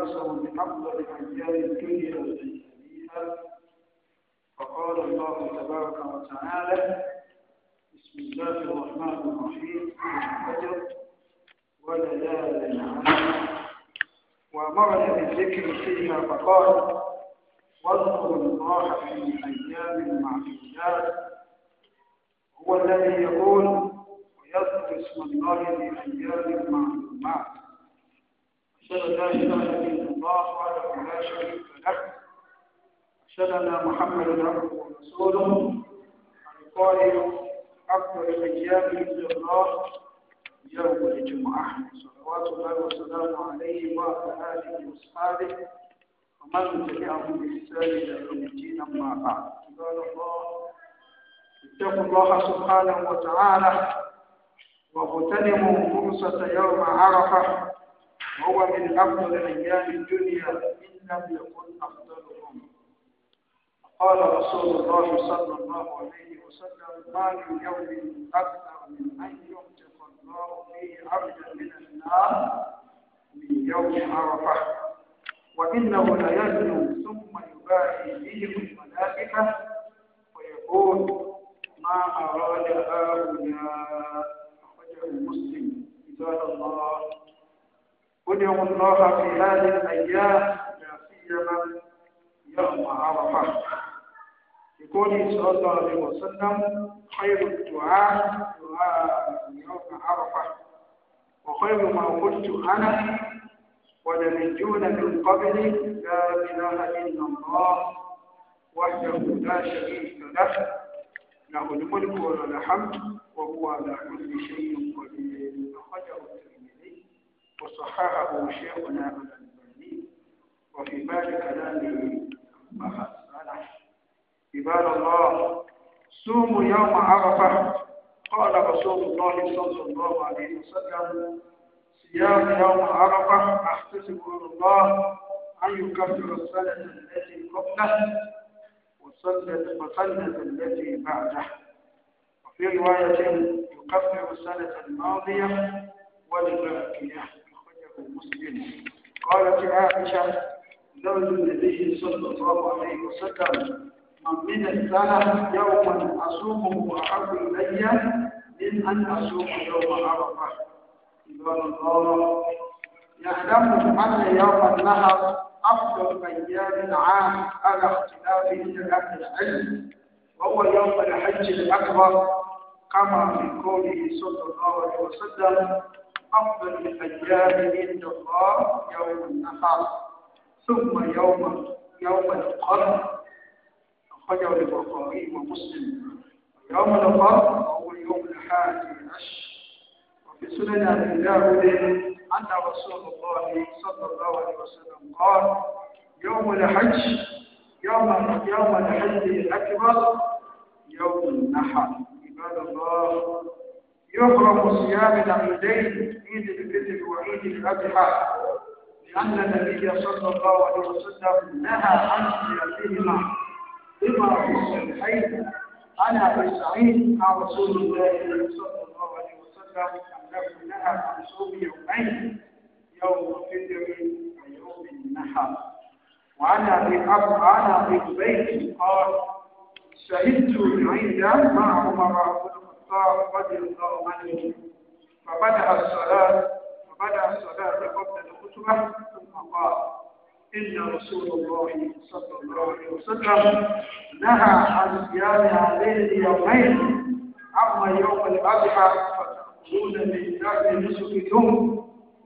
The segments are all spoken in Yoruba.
بشر بأفضل أيام الدنيا وزينها فقال الله تبارك وتعالى بسم الله الرحمن الرحيم الفجر وليال عشر وأمرني بالذكر فيها فقال واذكر الله في أيام معدودات هو الذي يقول ويذكر اسم الله في أيام معلومات أشهد أن لا إله إلا الله وحده لا شريك له أشهد أن محمدا عبده ورسوله القائل أفضل الأيام عند الله يوم الجمعة صلوات الله وسلامه عليه وعلى آله وأصحابه ومن تبعهم بإحسان إلى يوم الدين أما بعد عباد الله اتقوا الله سبحانه وتعالى واغتنموا فرصة يوم عرفة هو من أفضل أيام الدنيا إن لم يكن أفضلهم قال رسول الله صلى الله عليه وسلم ما من يوم أكثر من أن ينطق الله فيه عبدا من النار من يوم عرفة وإنه لا يزنو ثم يباهي به الملائكة ويقول ما أراد هؤلاء أخرجه مسلم عباد الله ادعوا الله في هذه الأيام لا سيما يوم عرفة يقول صلى الله عليه وسلم خير الدعاء دعاء يوم عرفة وخير ما قلت أنا ونبيون من قبلي لا إله إلا الله وحده لا شريك له له الملك وله الحمد وهو على كل شيء وصححه شيخنا الألباني وفي بال كلامه أخذ صالح عباد الله صوموا يوم عرفة قال رسول الله صلى الله عليه وسلم صيام يوم عرفة أحتسب على الله أن يكفر السنة التي قبله وسنة وسنة التي بعده وفي رواية يكفر السنة الماضية والباقية مسلم قالت عائشة لولا النبي صلى الله عليه وسلم من من السنة يوما أصومه أحب إلي من أن أصوم يوم عرفة عباد الله يعلم أن يوم النهر أفضل أيام العام على اختلاف أهل العلم وهو يوم الحج الأكبر كما في قوله صلى الله عليه وسلم أفضل الأيام عند الله يوم النحر ثم يوم يوم القرن أخرجه البخاري ومسلم يوم القرن هو يوم الحادي عشر وفي سنن أبي داود أن رسول الله صلى الله عليه وسلم قال يوم الحج يوم يوم الحج الأكبر يوم النحر عباد الله يحرم صيام العيدين عيد الفطر وعيد الاضحى لان النبي صلى الله عليه وسلم نهى عن صيامهما بما في الصحيحين انا بسعيد مع رسول الله صلى الله عليه وسلم انه نهى عن صوم يومين يوم الفطر ويوم النحر وعن ابي عن ابي قال شهدت عند مع عمر بن الخطاب رضي الله عنه فبدأ الصلاة فبدأ الصلاة قبل الخطبة ثم قال إن رسول الله صلى الله عليه وسلم نهى عن صيام هذين اليومين أما يوم الأضحى فتاخذون من دم نسككم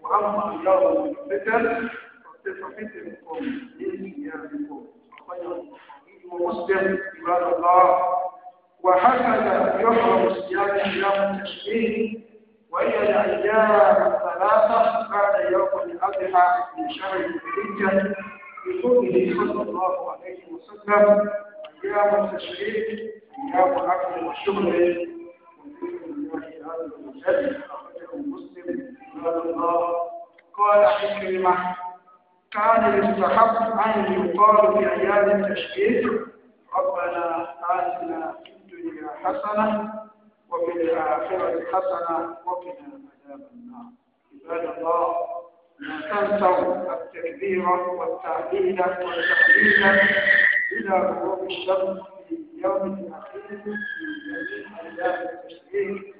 وأما يوم الفتن فتفتنكم من صيامكم أخرجه البخاري ومسلم عباد الله وهكذا يحرم صيام ايام التشريق وهي الايام الثلاثه بعد يوم الاضحى من شهر الحجه بقوله صلى الله عليه وسلم ايام التشريق ايام الاكل والشغل قال حكيمة كان يستحق ان يقال في ايام التشريق ربنا اتنا الدنيا حسنة وفي الآخرة حسنة وقنا عذاب النار عباد الله لا تنسوا التكبير والتعليل والتحليل إلى غروب الشمس في يوم الأخير في أيام التشريق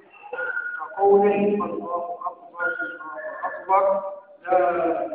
كقوله الله أكبر الله أكبر لا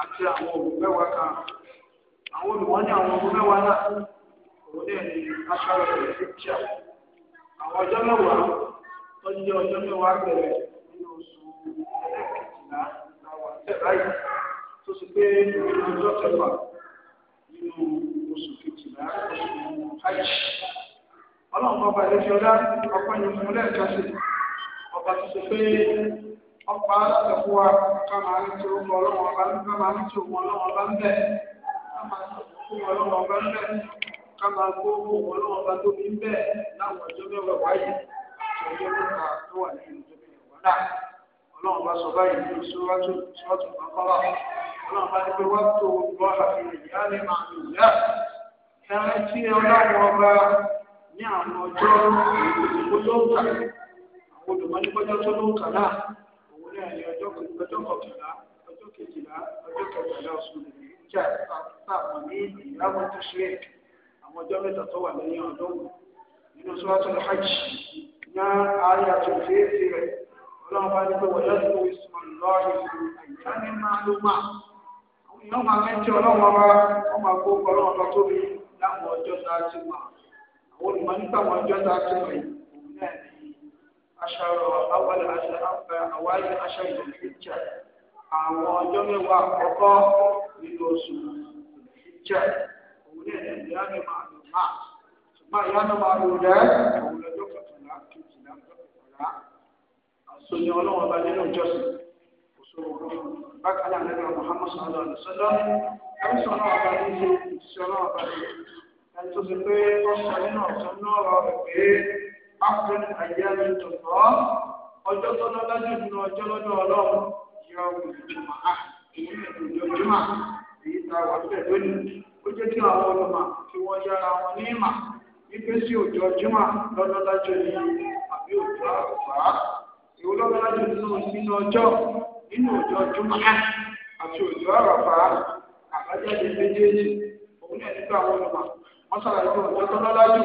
àti àwọn olùmẹ́wàá kan àwọn olùwọ́n ní àwọn olùmẹ́wàá náà òun náà ní aṣáájú rẹ̀ fíjà àwọn ọjọ́ mẹ́wàá tó ń ọjọ́ mẹ́wàá bẹ̀rẹ̀ nínú oṣù ẹlẹ́kẹ̀jìlá làwọn àtẹ̀ báyìí tó sì pé ọjọ́ kẹfà nínú oṣù kejìlá oṣù hajj ọlọ́run ọba ìlẹ́fẹ́ ọlá ọpẹ́ ni mo lẹ́ẹ̀kan sí ọba tó pé Ọkpa alábẹ̀kú k'ama ká máa ń tó ọmọ ọlọ́wọ́ bá ń bẹ́ máa ń tó ọmọ ọlọ́wọ́ bá ń tó ọmọ ọlọ́wọ́ bá ń sọ báyìí ní ìṣúwájú ìṣúwájú ti pé wá tó ìyá ní tí ọba ní àwọn ọjọ́ ní ọjọ́ kọkànlá ọjọ́ kejìlá ọjọ́ kẹtàlá oṣù nàìjíríà táwọn ní ìyàwó tó ṣe àwọn ọjọ́ mẹ́ta tó wà lẹ́yìn ọdún nínú sọ́wọ́tò hajj ní ààrẹ èsì rẹ̀ ọlọ́run bá ní pé wọ́n lọ́ọ̀rì àyíká ní máa ló máa àwọn èèyàn máa mẹ́tí ọlọ́run ọba wọ́n máa ọlọ́run ọba tóbi láwọn ọjọ́ tá a ti àwọn olùmọ̀ nípa àwọn ọjọ́ tá a ti yìí aṣọ àwọn aṣọ àwáyé aṣọ ìdíjà àwọn ọjọ́ mẹ́wàá àkọ́kọ́ nínú oṣù ìdíjà òun ní ẹ̀dẹ̀ ìyáàmì máa lò máa ṣùgbọ́n ìyáàmì máa lò rẹ̀ òun lọ́jọ́ kọkànlá kejìlá kọkànlá àṣọyẹ ọlọ́wọ́n bá nínú ìjọsìn òṣòro bákan náà lẹ́nu Muhammad sallallahu alaihi wasallam ẹ̀rí sọ̀rọ̀ ọba ní ṣe ìṣọ̀rọ̀ ọba ní ẹni tó ti pé ọ̀sán nínú ọ̀sán náà rọ̀ after the ayélujára tó sọ ọjọ́ tó lọ́lá jù nínú ọjọ́ lọ́dọ̀ ọlọ́run yọ ìjọba a èyí ẹ̀dùn ìjọba èyí ta wà bẹ̀ lónìí ó jẹ́ kí àwọn olùmọ̀ kí wọ́n yára wọn ní ìmà wípé sí òjò ọjọ́mà lọ́dọ̀ lájọ ní àbí òjò àgbà èwo lọ́dọ̀ lájọ nínú nínú ọjọ́ nínú òjò ọjọ́mà àti òjò àràfà àbájáde méjèèjì òun náà nígbà àwọn olùmọ̀ wọ́n sàlàyé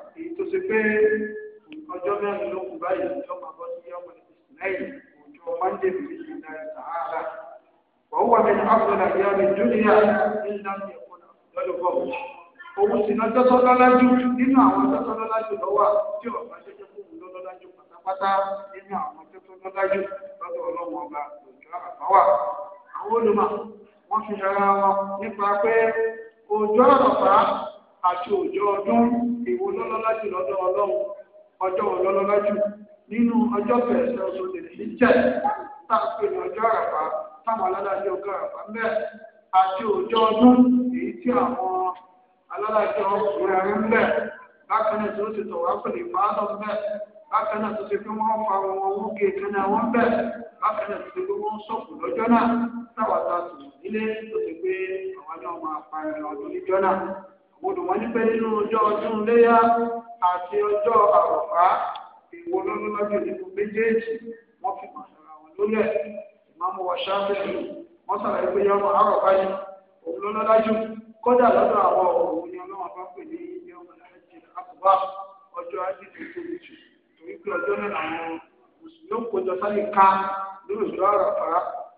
èyí tó ṣe pé ọjọ́ mẹ́rin ló kù báyìí ọjọ́ máa bọ́ sí ọmọ ìsìnlẹ́yìn òjò mọ́ndé fi ṣe náírà sàárà wọ́n wà mí àfọlá ìyá mi dúnìyà nílá mi ẹ̀kọ́ lọ́dọ̀ bọ̀ òun sì náà tọ́tọ́ lọ́lájú nínú àwọn tọ́tọ́ lọ́lájú lọ́wọ́ tí ọ̀gá jẹ́jẹ́ fún òun lọ́lọ́lájú pátápátá nínú àwọn tọ́tọ́ lọ́lájú lọ́dọ̀ ọlọ́wọ́n ọba àti ọjọọ ọdún èwo lọ́lọ́lá jù lọ́dọ̀ ọlọ́run ọjọ́ ọlọ́lọ́lá jù nínú ọjọ́ kẹsàn-án oṣù tèmi jẹ́ táàpé ní ọjọ́ àràbá táwọn alálàájẹ ọgá àràbá mẹ́ àti ọdún èyí tí àwọn alálàájẹ ọkùnrin bákan náà tó ti tọ̀wá ìfàánà mẹ́ bákan náà tó ti fi wọ́n fa wọn gé bákan náà tó ti fi wọ́n sọ̀kù olùwọ́n ní pé nínú ọjọ́ ọdún léyà àti ọjọ́ àròfá èwo ló ní lọ́jọ́ nínú méjèèjì wọ́n fi mọ̀ sọ̀rọ̀ àwọn lórí ẹ̀ ìmọ̀mù ọ̀ṣá bẹ́ẹ̀ wọ́n sọ̀rọ̀ ẹgbẹ́ yọmọ àròfá yìí òun ló ná dájú kódà lọ́dọ̀ àwọn òun ni ọlọ́wọ́n bá pè ní yọmọ ẹ̀jẹ̀ àkùbá ọjọ́ ajé tó tóbi jù torí pé ọjọ́ náà àwọn mùsùlùmí kójọ sáré ká lórí ìjọ àròfá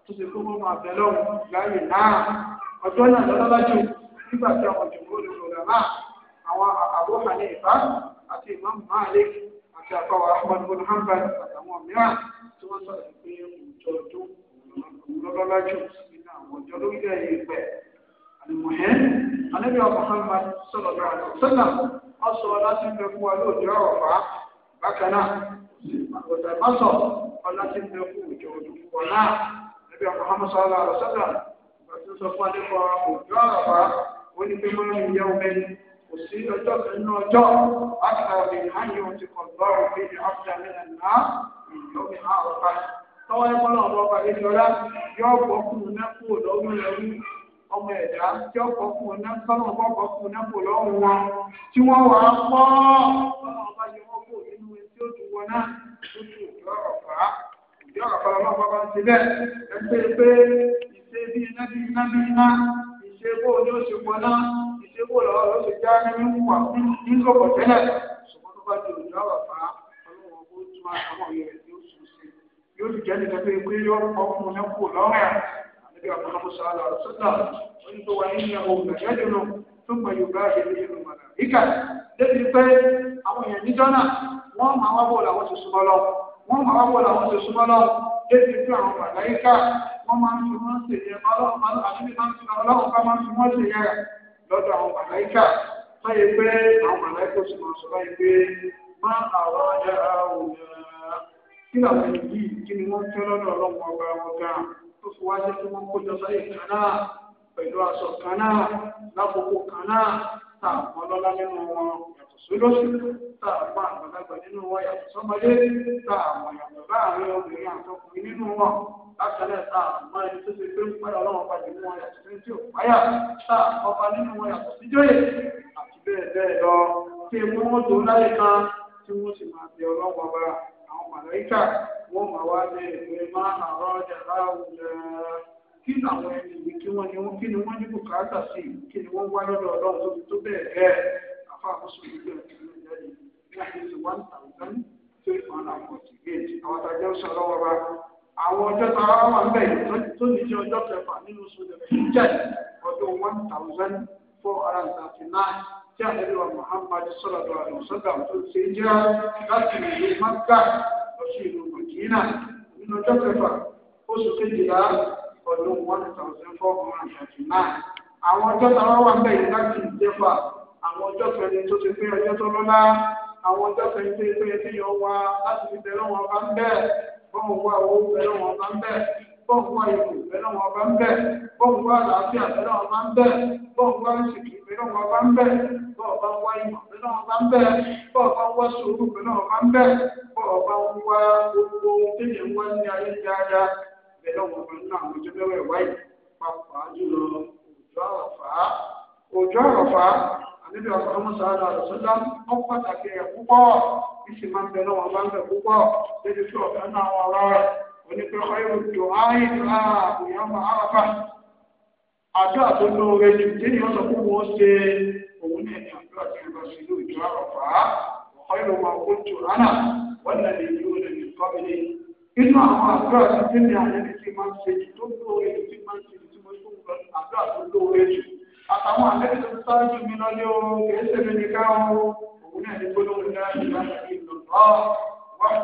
tó ti kó mọ́ àbẹ̀lọ́wọ́ nígbà tí àwọn jùmọ̀ olùkọ́lá náà àwọn Abu Hanifa àti Imam Malik àti àfọwọ́ Ahmad bin àtàwọn mìíràn tí wọ́n sọ̀rọ̀ pé òjò tó lọ́lọ́lá jù nínú àwọn ọjọ́ lórílẹ̀ yìí pẹ̀ anábì sọ̀rọ̀ sọ́nà láti fẹ́ fún wa lóòjọ́ ọ̀fà bákan náà ọ̀sẹ̀ fẹ́ fún òjò náà anábì sọ̀rọ̀ sọ́nà sọ fún ó ní pé máa ń yẹ ọmọ ẹni kò sí ọjọ́ kan ní ọjọ́ àkàrà òbí hányìn ti kọ̀ lọ́rùn pé ní áfíà mẹ́ta náà ìyọ́ mi á wà báyìí. tọ́wọ́ ẹ̀kọ́ náà wọ́n bá yẹn yọ ọ̀pọ̀ fún un náà kúrò lọ́rùn lọ́rùn ọmọ ẹ̀dá tí ọ̀pọ̀ fún un náà sọ́nà ọ̀pọ̀ fún un náà kò lọ́rùn wọn tí wọ́n wà á pọ́ ọ̀pọ̀ bá yẹ wọ́n ìṣègbò ni ó ṣe pọná ìṣègbò lọ́wọ́ ló ṣe já nínú wà ní kọ̀kọ̀ tẹ́lẹ̀ ṣùgbọ́n tó bá di òjò àwàfà ọlọ́wọ́ ó tún àwọn ọ̀yẹ́ rẹ̀ yóò sùn sí yóò sì jẹ́ nígbà pé pé yọ ọkùnrin náà kù lọ́rùn ẹ̀ àbíbí àkọ́nàmọ́ sọ́ọ́lá sọ́tà wọ́n tó wà nínú ẹ̀wọ̀n ìgbàjẹ́jọ́ lọ tó gbà yorùbá àgbẹ̀lẹ̀ ìlú mọ̀nà ìkà débi pé àwọn èèyàn níjọ́ náà wọ́n máa wá bọ̀ làwọn ti súnmọ́ lọ wọ́n máa ń fi wọ́n ṣe yẹ ọlọ́run ká máa fi wọ́n ṣe yẹ lọ́dọ̀ àwọn màláìkà báyìí pé àwọn màláìkà sì máa sọ báyìí pé má àwọn ọjà òyìnbá kí làwọn yìí kí ni wọ́n fẹ́ lọ́dọ̀ ọlọ́run ọba wọn gan tó fi wá jẹ́ kí wọ́n kó jọ sáyé kan náà pẹ̀lú aṣọ kan náà lákòókò kan náà tá àwọn ọlọ́lá nínú wọn yàtọ̀ sólóṣù tá àwọn àgbàlagbà nínú wọn yàtọ̀ sọ́mọdé tá àwọn yàtọ̀ bákẹ́lẹ̀ tá a mọ ẹni tó ti pé ń pẹ́ ọlọ́run padì mú wọn yàtọ̀ sí tí ò páyà tá a ọba nínú wọn yàtọ̀ sí jóyè àti bẹ́ẹ̀ bẹ́ẹ̀ lọ kí mú wọn tó láyé kan tí wọ́n sì máa bẹ ọlọ́run ọba àwọn màláìkà wọ́n máa wá ní ìwé máa ń àrọ́ ọjà láwùjọ kí làwọn ẹni yìí kí wọ́n ní wọ́n kí ni wọ́n ní bùkátà sí kí ni wọ́n wá lọ́dọ̀ ọlọ́run tó fi tó bẹ́ẹ̀ bẹ́ẹ̀ àfa àkóso ìlú ẹ̀kọ́ ìlú ìjáde ní àdéhùn one thousand three hundred and forty eight àwọn àtàjẹ́ sọ àwọn ọjọ́ tá a wà ńbẹ̀ tó ní jẹ́ ọjọ́ kẹfà nínú oṣù jẹ́ ọdún one thousand four hundred and thirty nine tí àlejò wa Muhammad sọ̀rọ̀ àlọ́ sọ́dà tó ṣe jẹ́ láti ìlú Mákà lọ sí ìlú Màdínà nínú ọjọ́ kẹfà oṣù kejìlá ọdún one thousand four hundred and thirty nine àwọn ọjọ́ tá a wà ńbẹ̀ yìí láti ìjẹ́fà àwọn ọjọ́ kẹrin tó ti pé ọjọ́ tó lọ́lá àwọn ọjọ́ kẹrin tó ti pé ẹtí yọ wá bọ́ọ̀n wá owó bẹ́ẹ̀ wọn bá ń bẹ̀ bọ́ọ̀n wá ipò bẹ́ẹ̀ wọn bá ń bẹ̀ bọ́ọ̀n wá àlàáfíà bẹ́ẹ̀ wọn bá ń bẹ̀ bọ́ọ̀n wá ìsìnkú bẹ́ẹ̀ wọn bá ń bẹ̀ bọ́ọ̀ wá ìmọ̀ bẹ́ẹ̀ wọn bá ń bẹ̀ bọ́ọ̀ wá sùúrù bẹ́ẹ̀ wọn bá ń bẹ̀ bọ́ọ̀ wá gbogbo tẹ́lẹ̀ wá ní ayé dáadáa bẹ́ẹ̀ wọn bá ń ná àwọn ìjọba ẹ̀wá yìí jùlọ òjò àràfà òjò àràfà níbi ọ̀sán mọ́sá àdá àdọ̀sọ́dá ó pàtàkì ẹ̀ púpọ̀ ìsì máa ń bẹ náà wọn bá ń bẹ púpọ̀ níbi tí ọ̀kan náà wọn rọ rẹ̀ onípe ọ̀rẹ́rù tó áyè ńlá àbùyá máa àràfà àjọ àtúntò rẹ̀ jù tí ni ọ̀sán fún wọn ṣe òun ní ẹ̀yìn àjọ àti ìlọ sí ìlú ìjọ àrọ̀fà ọ̀rẹ́rù máa kó tù ránà wọ́n nà lè yí olè ní kọ́mílì inú àwọn àjọ àti tí ni àyẹ̀ni ti máa ń ṣe jù tó lóore jù tí máa àtàwọn àlejò tó sáájú mi lọ lé oorun kìí mi ní káwọn òun náà ní gbólóhùn náà ní ní ìlú náà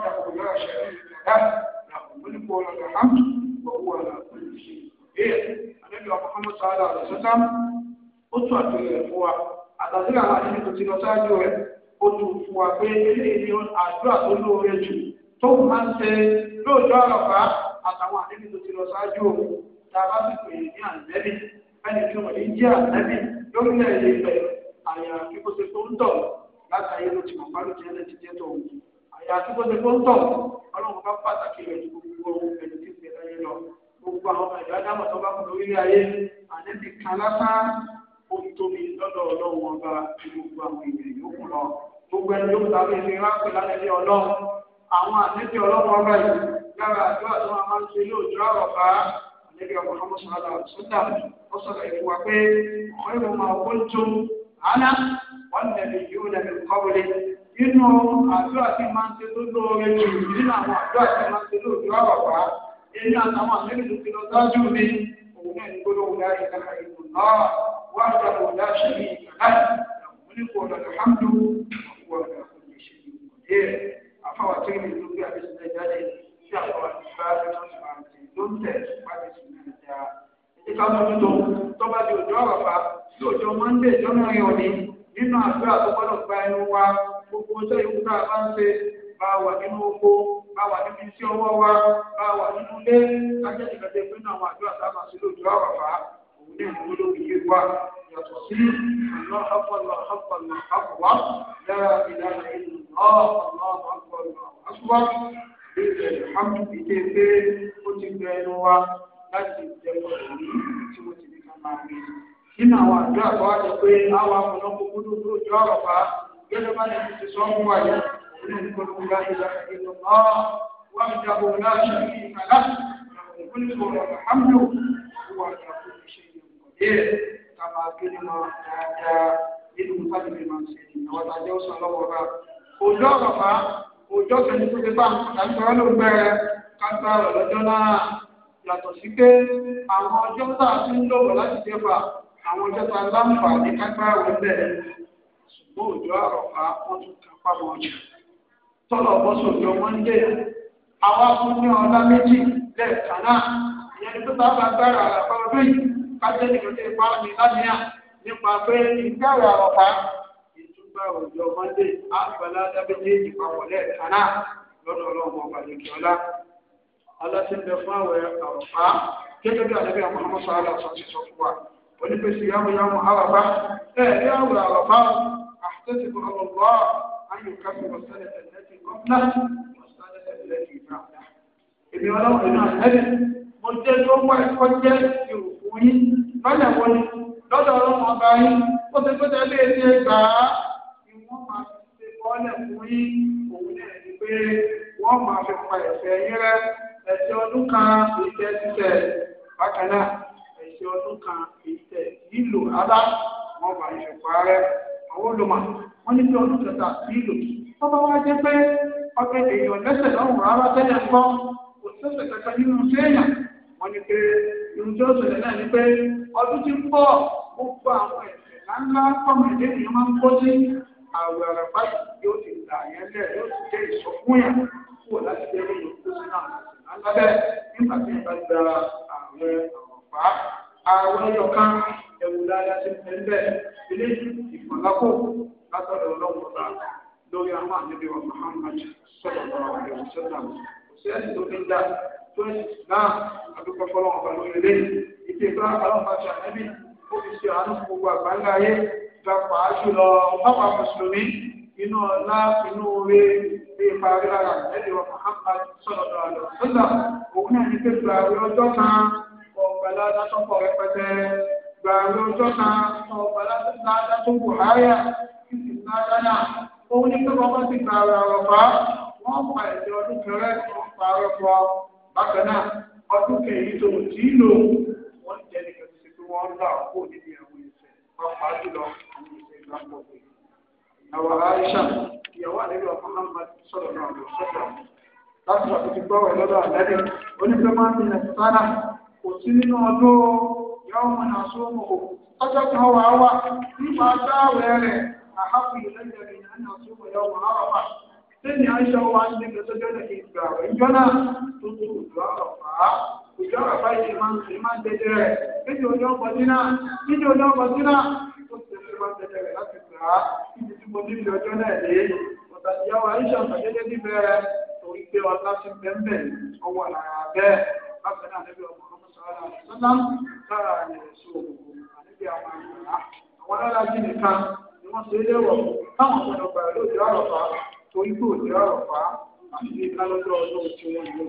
ṣe ní hàn ṣe sọ́tà ó tún àtúnyẹ̀ fún wa àwọn tó ti lọ sáájú ó tún fún wa pé àdúrà tó lóore jù tó ẹnì kí wọ́n yìí jẹ́ àtẹ́bí lórílẹ̀ èdè ibẹ̀ àyà àfikúnṣe tó ń tọ̀ láti ayé ló ti mọ̀ bá lójú ẹlẹ́tì jẹ́ tó ń àyà àfikúnṣe tó ń tọ̀ ọlọ́run bá pàtàkì rẹ̀ ju gbogbo ẹni tí ìpè láyé lọ gbogbo àwọn ẹ̀dá dámọ̀ tó bá kù lórílẹ̀ ayé àdébì kan lásán ó ń tóbi lọ́dọ̀ ọlọ́run ọba gbogbo àwọn ènìyàn yòókù lọ gbogbo ẹni yóò tàbí ẹni ráńpẹ́ lálẹ́ ilé ọlọ́run àwọn àdébì ọlọ́run ọba yìí lára àdúrà tó máa ń ṣe lóòjọ́ àrọ̀bá níbi ọmọ ọmọ sọlá sọlá ó sọ̀rọ̀ ìfún wa pé ọmọ ìwọ máa wọ́n tó àná wọn nàbí yóò nàbí kọ́wọlé nínú àdúrà tí máa ń ṣe tó lóore jù nínú àwọn àdúrà tí máa ń ṣe lóòjú àwàwá èyí àtàwọn àmẹ́rin tó ti lọ sáájú mi òun náà ní gbólóhùn láì kára ìlú náà wá àjàbọ̀ láṣẹ ní ìgbàlá ìyàwó ní kò lọ́dọ̀ hàmdù ọ̀pọ̀ ọ̀dọ̀ kò lè ṣe ìwọ̀n díẹ̀ tí mi ló gbé àbísí ṣe ló ń tẹ̀ ṣùgbọ́n ti sùn náà dáa. ẹ̀jẹ̀ ká mọ́ tuntun tó bá di òjò àràfà sí òjò mọ́ńdé lọ́nà rẹ̀ òní nínú àdúrà tó gba ẹnu wa gbogbo ọjọ́ ìwú bá ń ṣe bá wà nínú oko bá wà níbi iṣẹ́ ọwọ́ wa bá wà nínú ilé ìgbàdé àwọn bẹ́ẹ̀ ìhámù ìdè pé ó ti gbẹ ẹnu wa láti jẹ pọ̀lú tí wọ́n ti ní ká máa rí. nínú àwọn àdúrà tó wá jẹ pé àwọn amúnáwó gbúdú gbúdú jọ ọ̀rọ̀ pa gẹ́gẹ́ bá lẹ́nu ti sọ fún wa yìí nínú ìkọlùkù bá ti yàtọ̀ nínú náà wọ́n mi dàbò láti rí ìkàlá ìkúlù sọ̀rọ̀ ìhámù ìwà ìyàwó ìṣe ìyẹn ká máa gbé nínú dáadáa nínú sábìbì máa ń ṣe ìnáwó òjò sẹni tó ti bá àgbà ló gbẹ kágbá rẹ lọ́jọ́ náà yàtọ̀ sí pé àwọn ọjọ́ tá a ti ń lòwò láti dẹ́fà àwọn ọjọ́ tá a láǹfààní kágbá rẹ bẹ̀ ṣùgbọ́n òjò àrọ̀fà wọn tún ká pàmò ọjà tọ́lọ̀ bọ́sọ̀ òjò wọn ń dé àwa fún ní ọlá méjì lẹ́ẹ̀kan náà ìyẹn ní pípa bá gbára àlàfà ọdún yìí kájẹ́ nìkan tó ń pa á ní nípa pé ìgbára àrọ̀fà nípa òjò mọ́ndé àgbàlá dábẹ́jẹ́ ìpapọ̀ lẹ́ẹ̀ka náà lọ́dọ̀ ọlọ́run ọba lẹ́kẹ́ ọlá alátìmọ̀ fún àwẹ̀ àrọ̀fá gẹ́gẹ́ bí àdébí àwọn ọmọ sọ́ọ́lá sọ ti sọ fún wa onípèsè yàmù yàmù àràfá ẹ̀ ní àwẹ̀ àràfá àtẹ́tì ọlọ́lọ́ ayò káfí wọ́sálẹ̀ ẹ̀lẹ́tì gọ́ọ̀nà wọ́sálẹ̀ ẹ̀lẹ́tì ìgbàlá èmi ọlọ́run náà ẹ̀rẹ̀ mo jẹ́ tó wá ẹ̀kọ́ jẹ́ máa fi kọ́lẹ̀ fún yín òun náà ni pé wọ́n máa fi pa ẹ̀ṣẹ̀ yín rẹ́ ẹ̀ṣẹ̀ ọdún kan èyí tẹ́ títẹ̀ bákan náà ẹ̀ṣẹ̀ ọdún kan èyí tẹ̀ nílò rárá wọ́n máa fi pa rẹ́ àwọn olùmọ̀ wọ́n ní bí ọdún kẹta nílò tó bá wá jẹ́ pé ọbẹ̀ èèyàn lẹ́sẹ̀ lọ́rùn rárá tẹ́lẹ̀ ńkọ́ kò sẹ́sẹ̀ kẹta nínú séèyàn wọ́n ní pé irun tí ó ṣẹlẹ̀ náà ni pé ọdún ti ń bọ̀ gbogbo àwọn ẹ̀ṣẹ̀ ńláńlá kọ́mọ̀ ẹ̀dẹ́ àwẹ̀ ọ̀rọ̀ báyìí yóò ti gbà yẹn lẹ̀ yóò ti jẹ́ ìsọfún yẹn kúrò láti jẹ́ lórí oṣù náà lábẹ́ nígbà tí ìgbà gba àwẹ̀ ọ̀pá àwẹ̀ ọ̀ká ẹ̀wù dáadáa ti fẹ́ bẹ́ẹ̀ ilé ìfọ̀lákò látọ̀dọ̀ ọlọ́run lórí àwọn àníbi wa Muhammad sọ̀rọ̀ ọ̀rọ̀ ọ̀rẹ́ òṣèlú òṣèlú ẹ̀sìn tó ní dá tó ní náà àdúgbò fọlọ́wọ́n ọ̀la lórí ilé ìdí ìgbà àlọ́ pàápàá jùlọ pápá mùsùlùmí inú ọlá inú oore bí parí lára ìjẹ́lẹ̀ wa Muhammad sọ̀rọ̀ lọ́dọ̀ sọ́dà òun náà ní pé gbàgbé ọjọ́ kan ọ̀gbàlá látọ́pọ̀ rẹpẹtẹ gbàgbé ọjọ́ kan ọ̀gbàlá látọ́ buhariya títí ládàá òun ní pé wọ́n bá ti gbàgbé àrọ̀fà wọ́n pa ẹ̀jẹ̀ ọdún kẹrẹ́ wọ́n pa àrọ̀fà bákan náà ọdún kẹyìn tó tí ì lò wọ́n jẹ́ nìkan ti ṣe pé lọ àkókò níbi àwọn ìṣẹ̀ pàápàá jùlọ àwọn aisha ìyàwó àdébíyà muhammad sọ̀rọ̀ náà lọ sọ̀rọ̀ láti wàá ti gbọ́wọ̀ lọ́dọ̀ àdáde onífẹ́ máa ń bí nàìjíríà kò sí nínú ọdún yàwó mọ̀ náà sóhùn o ọjọ́ kan wà náà sóhùn yàwó mọ̀ wà tó jẹ́ ìgbà rẹ̀ ìjọ máa ń tẹ̀lé rẹ̀ láti gbà á níbi tí mo níbi ọjọ́ náà lé ọ̀tàdì yàwó àyíṣà àgbàdédé níbẹ̀ torí pé wọn láti bẹ́ẹ̀ ọwọ́ àlàyé abẹ́ bákan náà níbi ọmọ ọmọ sọ̀rọ̀ àlùsọ́lá lára rẹ̀ sọ àníbi àwọn àyíká àwọn alájí nìkan ni wọ́n ṣe léwọ̀ táwọn ọmọdé ọgbà lóde ọ̀rọ̀fà torí pé òde ọ̀rọ̀fà àti ìkálọ́jọ́ ọdún tí wọ́n ní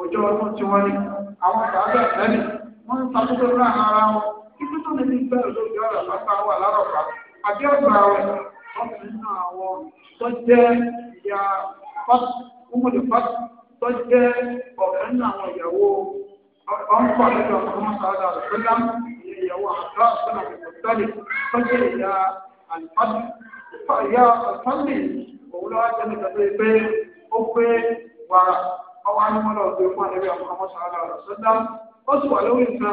ọjọ́ ọdún tí wọ́n ní àwọn bàbá ẹ̀ wọ́n ń takúkọ́ láàárín ara wọn títí tó lè ní bẹ́ẹ̀ lórí ọ̀rọ̀ lápá wà lárọ̀pá àbí ọ̀gbà rẹ̀ ọ̀sẹ̀ nínú àwọn tó jẹ́ ìyá ọmọdé fásitì tó jẹ́ ọ̀kan nínú àwọn ìyàwó ọ̀nkọ́ nínú ọ̀kan mọ́sálásá rẹ̀ pẹ́lá ìyàwó àtúrà sọ́nà ìpọ̀tálẹ̀ tó jẹ́ ìyá àlùfáàdì ìyá àlùfáàdì òun lọ́wọ́ jẹ́ pé ó pé wàrà ọwọ́ anúmọ́lá ọ̀gbẹ́ fún àlẹ́bí ọ̀kan mọ́sálásá rẹ̀ sọ́dá ó sì wà lórí ìtura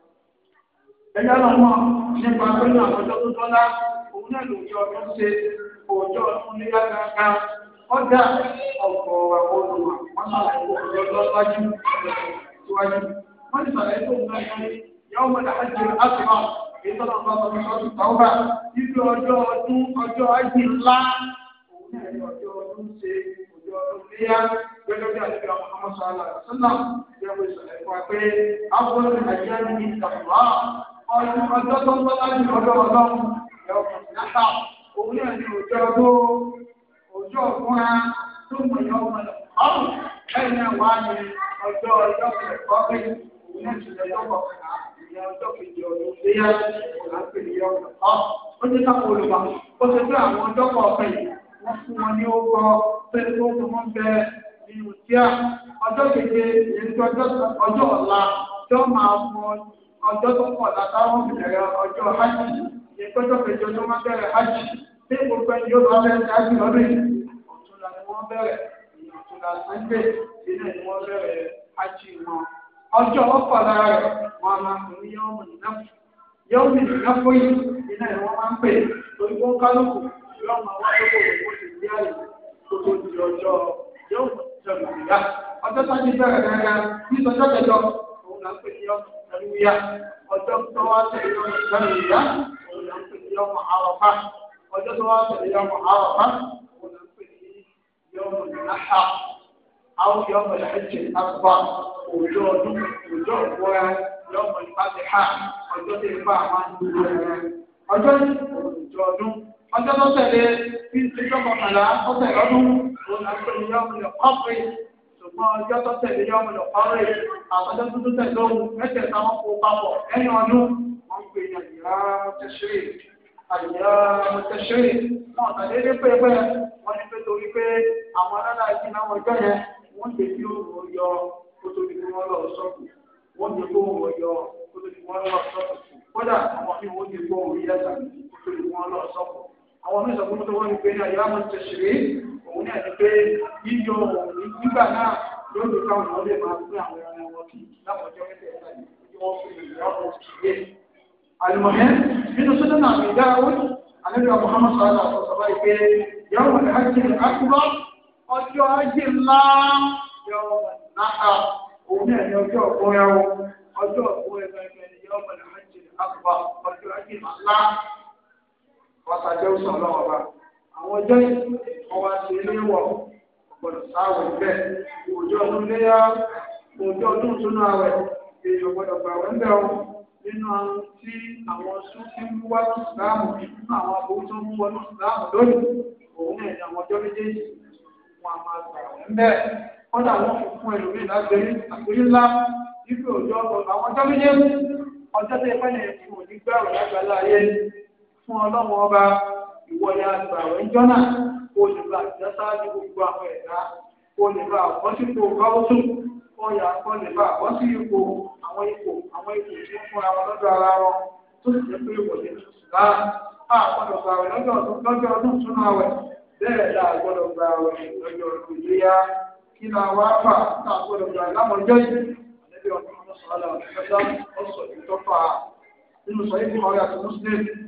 ẹjọ́ lọ mọ̀ nípa pẹ̀lú àkọjọ́ tó tọ́lá òun náà ló yọ ọdún ṣe ọjọ́ ọdún ní yàgàgà ọjà ọ̀pọ̀ àwọn ọjọ́ lọ́wájú síwájú wọ́n ti sọ̀rọ̀ ẹ̀kọ́ ọjọ́ yàwó gẹ́gẹ́ bí àti àwọn ọmọ sọ̀rọ̀ àlọ́ sọ́nà ìyàwó ní ìtàkùn ọjọ́ tó ń tọ́lá ọjọ́ ọlọ́run ẹ̀rọ kọ̀ǹtínátà tó ń pèyàn ọmọ ẹ̀yìn náà wà ọjọ́ ọjọ́ kẹfọ́fẹ́ òun náà ti lọ́jọ́ kọ̀ọ̀kan ọjọ́ kejì ọdún léyà ọ̀là ń pè ní ọ̀nà ó ti ká olùwà ó ti gbé àwọn ọjọ́ kọ̀ọ̀kan yìí wọ́n fún wọn ní ó gbọ́ pẹ̀lú ó fún wọn bẹ nínú tíá ọjọ́ keje èyí tó ọjọ́ ọ̀la tó máa mọ ọjọ́ tó pọ̀ látàwọn bẹ̀rẹ̀ ọjọ́ hajj ìyẹn tọ́jọ́ kẹjọ ló máa bẹ̀rẹ̀ hajj pé gbogbo ẹni yóò bá bẹ̀rẹ̀ hajj lọ́dún yìí ọ̀túnla ni wọ́n bẹ̀rẹ̀ ọ̀túnla sunday sílẹ̀ ni wọ́n bẹ̀rẹ̀ hajj wọn. ọjọ́ ọkọ̀ lára rẹ̀ wọ́n máa ń pè yọ́ọ̀mù ìnáfọ́ yìí iná ni wọ́n máa ń pè torí wọ́n kálukú yọ́ọ̀mù àwọn tó kò wọ́n ti àtàlùyà ọjọ́ tó wá tẹ̀lé yọmọ àtàlùyà òun là ń pè ní yọmọ àràfà ọjọ́ tó wá tẹ̀lé yọmọ àràfà òun là ń pè ní yọmọ nàṣà àwọn yọmọ ìhẹjẹ àgbà òjò ọdún òjò òwúrẹ yọmọ ìbàdìhà ọjọ́ tó ìfà àwọn àdúgbò rẹ ọjọ́ òjò ọdún ọjọ́ tó tẹ̀lé bí ìtẹjọ mọkànlá ọ̀sẹ̀ ọdún òun là ṣùgbọ́n ọjọ́ tó tẹ̀lé yọ ọmọdé ọ̀rẹ́ àtọ́jọ́ tó tún tẹ̀lé ohun mẹ́tẹ̀ẹ̀ta wọn kó papọ̀ ẹ̀yìn ọdún wọ́n ń pè ní àyíká tẹ̀sírì àyíká tẹ̀sírì wọn àtàlẹ́ ní pépé wọn ní pé torí pé àwọn alára ẹ̀sìn náà ọjọ́ yẹn wọ́n lè fi òòrùn yọ kótó ní wọ́n lọ sọ́kù wọ́n lè kó òòrùn yọ kótó ní wọ́n lọ sọ́kù kódà àwọn fi wọ́n lè kó òòrùn yẹ àwọn mẹ́sàn fún tó wọ́n ń pè ní àyàmọ̀ tẹ̀sìrì òun náà ti pé yíyọ òun nígbà náà yóò lè ká òun lè máa fún àwọn ẹran wọn kì láwọn ọjọ́ mẹ́tẹ̀ẹ̀ta yìí wọ́n fi ìyàwó kìíye. àlùmọ̀hẹ́ nínú sọ́dọ̀ náà mi dá owó àlejò Muhammad sọ́dọ̀ àwọn sọ́dọ̀ ìpè yàwó rẹ̀ á jẹ́ àkúrọ̀ ọjọ́ wákàtí ó sàn lọ́wọ́ bá àwọn ọjọ́ yìí wọ́n wá sí ilé wọ̀ gbọ́dọ̀ sáwẹ̀ bẹ́ẹ̀ òjò ọdún léyà òjò ọdún túnú àwẹ̀ èèyàn gbọ́dọ̀ gbà wẹ́ bẹ́ẹ̀ o nínú àwọn tí àwọn sùfí ń wá sí ìsìláàmù nínú àwọn abòwú tó ń wọnú ìsìláàmù lónìí òun ẹ̀ ní àwọn ọjọ́ méjèèjì wọn a máa gbà wẹ́ bẹ́ẹ̀ kọ́dà wọn fi lágbèrè àgbèrè ńlá fún ọlọ́run ọba ìwọlé àgbàwẹ̀ jọ́nà kó lè bá ìdásáájú gbogbo àwọn ẹ̀dá kó lè bá àkọsípò gáwọ́sù kó yà kó lè bá àkọsí ipò àwọn ipò àwọn ipò tí wọ́n fúnra wọn lọ́dọ̀ ara wọn tó sì jẹ́ pé ìwọlé ṣùgbọ́n àgbọ̀dọ̀ gbàwẹ̀ lọ́jọ́ ọdún súnmọ́ àwẹ̀ bẹ́ẹ̀ la gbọ́dọ̀ gbàwẹ̀ lọ́jọ́ ọdún ìléyà kí la wá fà náà gbọ́dọ̀ gbàwẹ̀ lámọ̀jọ́ yìí àlẹ́bí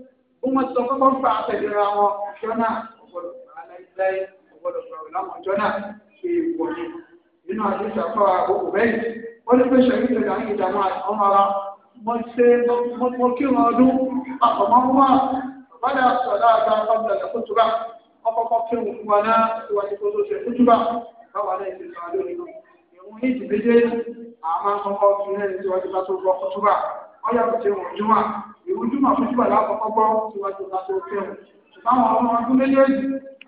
bí wọ́n sọ pé wọ́n fa àtẹ̀lera wọn ọjọ́ náà ọgbọ́dọ̀ gba aláìláì ọgbọ́dọ̀ gba ọ̀làwọ̀n ọjọ́ náà ṣe ìwọ̀ ni nínú àdéhùn àfọwọ́ àkókò bẹ́ẹ̀ wọ́n ní pé ṣẹ́yìn tó dà ní ìdààmú ọmọ ara mo ṣe mo kí wọn ọdún papọ̀ mọ́ wọn bàbá dà sọ̀dá àgbà ọ̀gbọ̀n ìlẹ̀kùtùbà ọkọ̀ọ̀kọ̀ kí wọn fún wọn náà tí wọ́n ti kó tó ṣe kútùbà báwa náà ti sọ àlọ́ nínú ojúmọ̀ ojúmọ̀ lákọ̀ọ́kọ́ gbọ́ síwájú ká tó fẹ́ ṣùgbọ́n àwọn ọmọ ọdún méjèèjì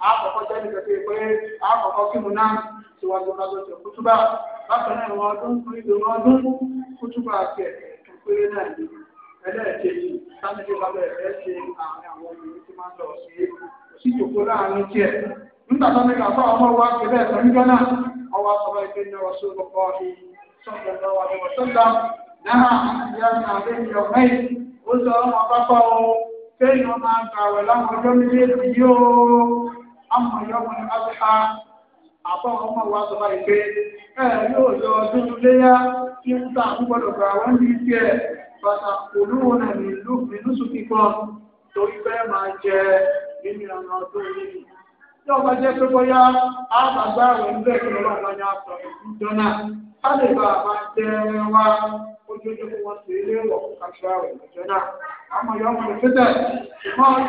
àkọ́kọ́ jẹ́ pé àkọ́kọ́ kí náà síwájú kútúbà bákan náà ọdún fún ọdún kútúbà péré náà ní ẹlẹ́ẹ̀kejì ṣe àárín àwọn tí máa ń lọ sí sí láàrin tiẹ̀ nígbà tó ní ọmọ wa kẹlẹ́ ẹ̀sán ọwọ́ ní ó sọ ọmọ pápá o kéèyàn máa ń mmiri láwọn ọjọ́ méjèèjì yìí o àmọ̀ ìyọ́mọ ní káfíà àpọ̀ wa sọ báyìí pé ẹ yóò lọ ọdún léyà kí n ta àkúgbọ́dọ̀ gbà wọ́n ní tiẹ̀ bàtà olówó náà ní ìlú nínú torí máa jẹ nínú ọ̀nà ọdún yìí jẹ́ pé àbàgbà rẹ̀ ń ojoojúmọ́ kó wọ́n nwoke ilé wọ̀ nwoke rẹ̀ lọ́jọ́ náà.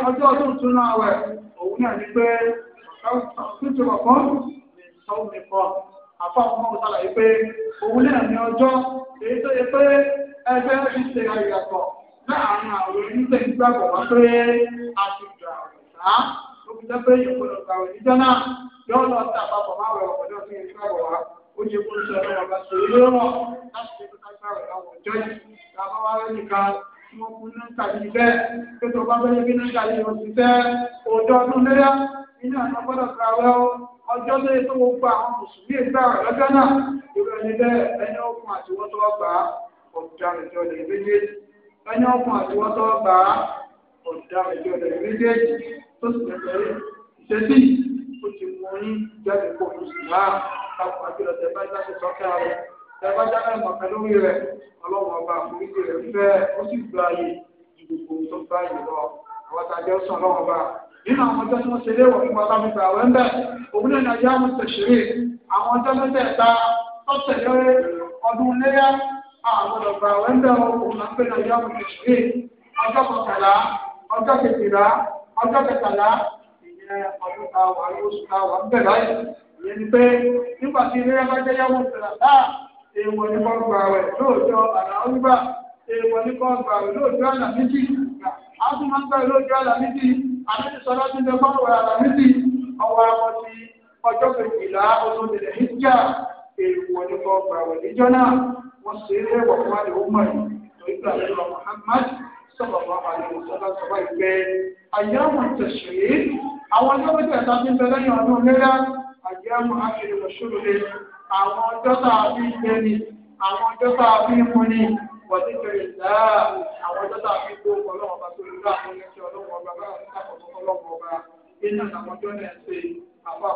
ọjọ́ ọdún tún náà rẹ̀ òun náà ní pé ọmọ pé òun náà ní ọjọ́ èyí tó yẹ pé ẹgbẹ́ ṣe àyàtọ̀ àwọn wá pé a ti gbà ló fi jẹ́ pé ìpolongo àwọn ìjọ náà lọ sí àpapọ̀ máa ó ṣe kó ṣe ọlọ́wọ́ ọba sọ̀rọ̀ lọ́rọ̀ láti ṣe kó tágbára àwọn ọjọ́ yìí làbá wa rẹ̀ nìkan tí wọ́n fún náà tàbí bẹ́ẹ̀ pé tó bá bẹ́ẹ̀ bí náà tàbí òṣìṣẹ́ ọjọ́ ọdún mẹ́rẹ́ nínú àná gbọ́dọ̀ gba ọ̀rẹ́ o ọjọ́ lóye tó gbogbo àwọn mùsùlùmí gbà lọ́jọ́ náà ìrọ̀ ni bẹ́ẹ̀ ẹni ọkùn àti wọ́n tó gbà á ìjọ lè méjèèjì ẹni ọkùn àti wọ́n tó gbà á ìjọ lè méjèèjì tó sì ó ti mú yín jáde kó o sì máa kápò àjọyọ tẹ̀bá jáde sọ́kẹ́ rẹ̀ tẹ̀bá jáde mọ̀kẹ́ lórí rẹ̀ ọlọ́wọ́n ọba àforíjì rẹ̀ fẹ́ ó sì gba ayé ìgbòho tó bá yìí lọ àwọn tàbí ọ̀sán ọlọ́wọ́n ọba nínú àwọn ọjọ́ tí wọ́n ṣe léwọ̀ fún wa láti gbà wẹ́ńbẹ́ òun náà ní ajá mú tẹ̀sírì àwọn ọjọ́ mẹ́tẹ̀ẹ̀ta tọ́tẹ̀lé ọdún léyà àwọn ọ̀gbà wẹ́ńbẹ́ òun náà pé ní ajá mú tẹ̀sírì ọjọ́ kọkànlá ọjọ́ kejìlá ọjọ́ kẹtàlá ìyẹn ọdún ta wà ní oṣù ta wà ń bẹ̀ láyé ìyẹn ni pé nígbà tí ilé ẹgbẹ́ jẹ́ yàwó ìṣẹ̀lá náà èèwọ̀ ní kọ́ gbà rẹ̀ lóòjọ́ àlà ọgbà èèwọ̀ ní kọ́ gbà rẹ̀ lóòjọ́ àlà méjì a tún máa ń gbà rẹ̀ lóòjọ́ àlà méjì àti sọ́dọ́ ti lọ fọ́nù àlà méjì ọwọ́ àwọn ti ọjọ́ kejìlá ọdún ilẹ̀ hijab èèwọ̀ àwọn ọjọ́ méjì ẹ̀ta ti ń bẹ lẹ́yìn ọdún léra àjẹmú akéde lọ́sọ̀rọ̀ lé àwọn ọjọ́ tá a fi ń gbé ni àwọn ọjọ́ tá a fi ń mú ni wọ́n àwọn ọjọ́ tá a fi ń gbó ọlọ́wọ́n bá tó lórí àwọn ẹ̀ṣẹ̀ ọlọ́wọ́n bá bá àkọ́kọ́ ọlọ́wọ́n bá iná àwọn ọjọ́ náà ṣe ìlú àwọn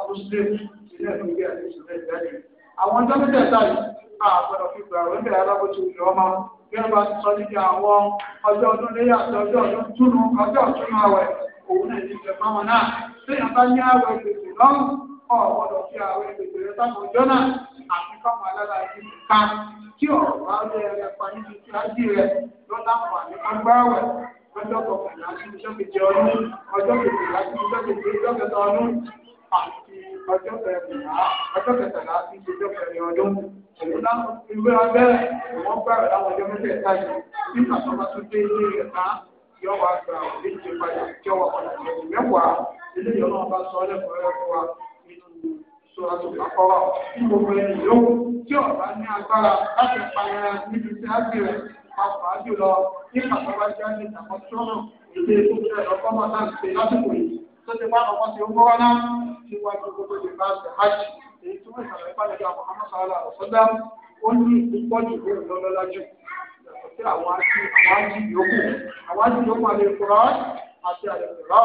ọjọ́ ọdún léyà òun náà ti fẹ́ fáwọn náà ṣé àbá ní àwẹ̀ gbèsè lọ́rùn ọ̀ gbọ́dọ̀ fi àwẹ̀ gbèsè rẹ sáwọn ọjọ́ náà àti fáwọn alára yìí nìkan tí ọ̀rọ̀ bá lé ẹrẹ pa níbi tí á dì rẹ lọ́dà wà ní agbáwẹ̀ ọjọ́ kọkànlá sí ọjọ́ kejì ọdún ọjọ́ kejìlá sí ọjọ́ kejì ọjọ́ kẹta ọdún àti ọjọ́ kẹrìnlá ọjọ́ kẹtàlá sí ọjọ́ ìwé abẹ́rẹ́ ìwọ́n gbàrẹ̀ láwọn ọjọ́ mẹ́tẹ̀ẹ̀ta yìí nígbà tó bá tún dé ilé rẹ̀ náà yọ wá gba òbí ti padà kí ọwọ́ padà tẹ̀lé mẹ́wàá ilé ìyọ́ náà bá sọ ọ́ lẹ́kọ̀ọ́ fún wa nínú ìṣòro àtòkà kọ́ wa kí gbogbo ẹni yòówù tí ọ̀bá ní agbára láti pààyàn níbi tí a bẹ̀rẹ̀ pàápàá jùlọ ní pàtàkì ajá ní ìtàkọ́sọ́nà ilé ìkókè ọkọ́mọ láti ṣe lásìkò yìí tó ti bá ọkọ́ ti ń gbọ́ wọ́ná tí wọ́n ti gbogbo lè bá ṣe èyí tó wọ́n ìsàlẹ̀ sí àwọn àjì yòókù àwọn àjì yòókù àlèkùrọ́ àti àlèkùrọ́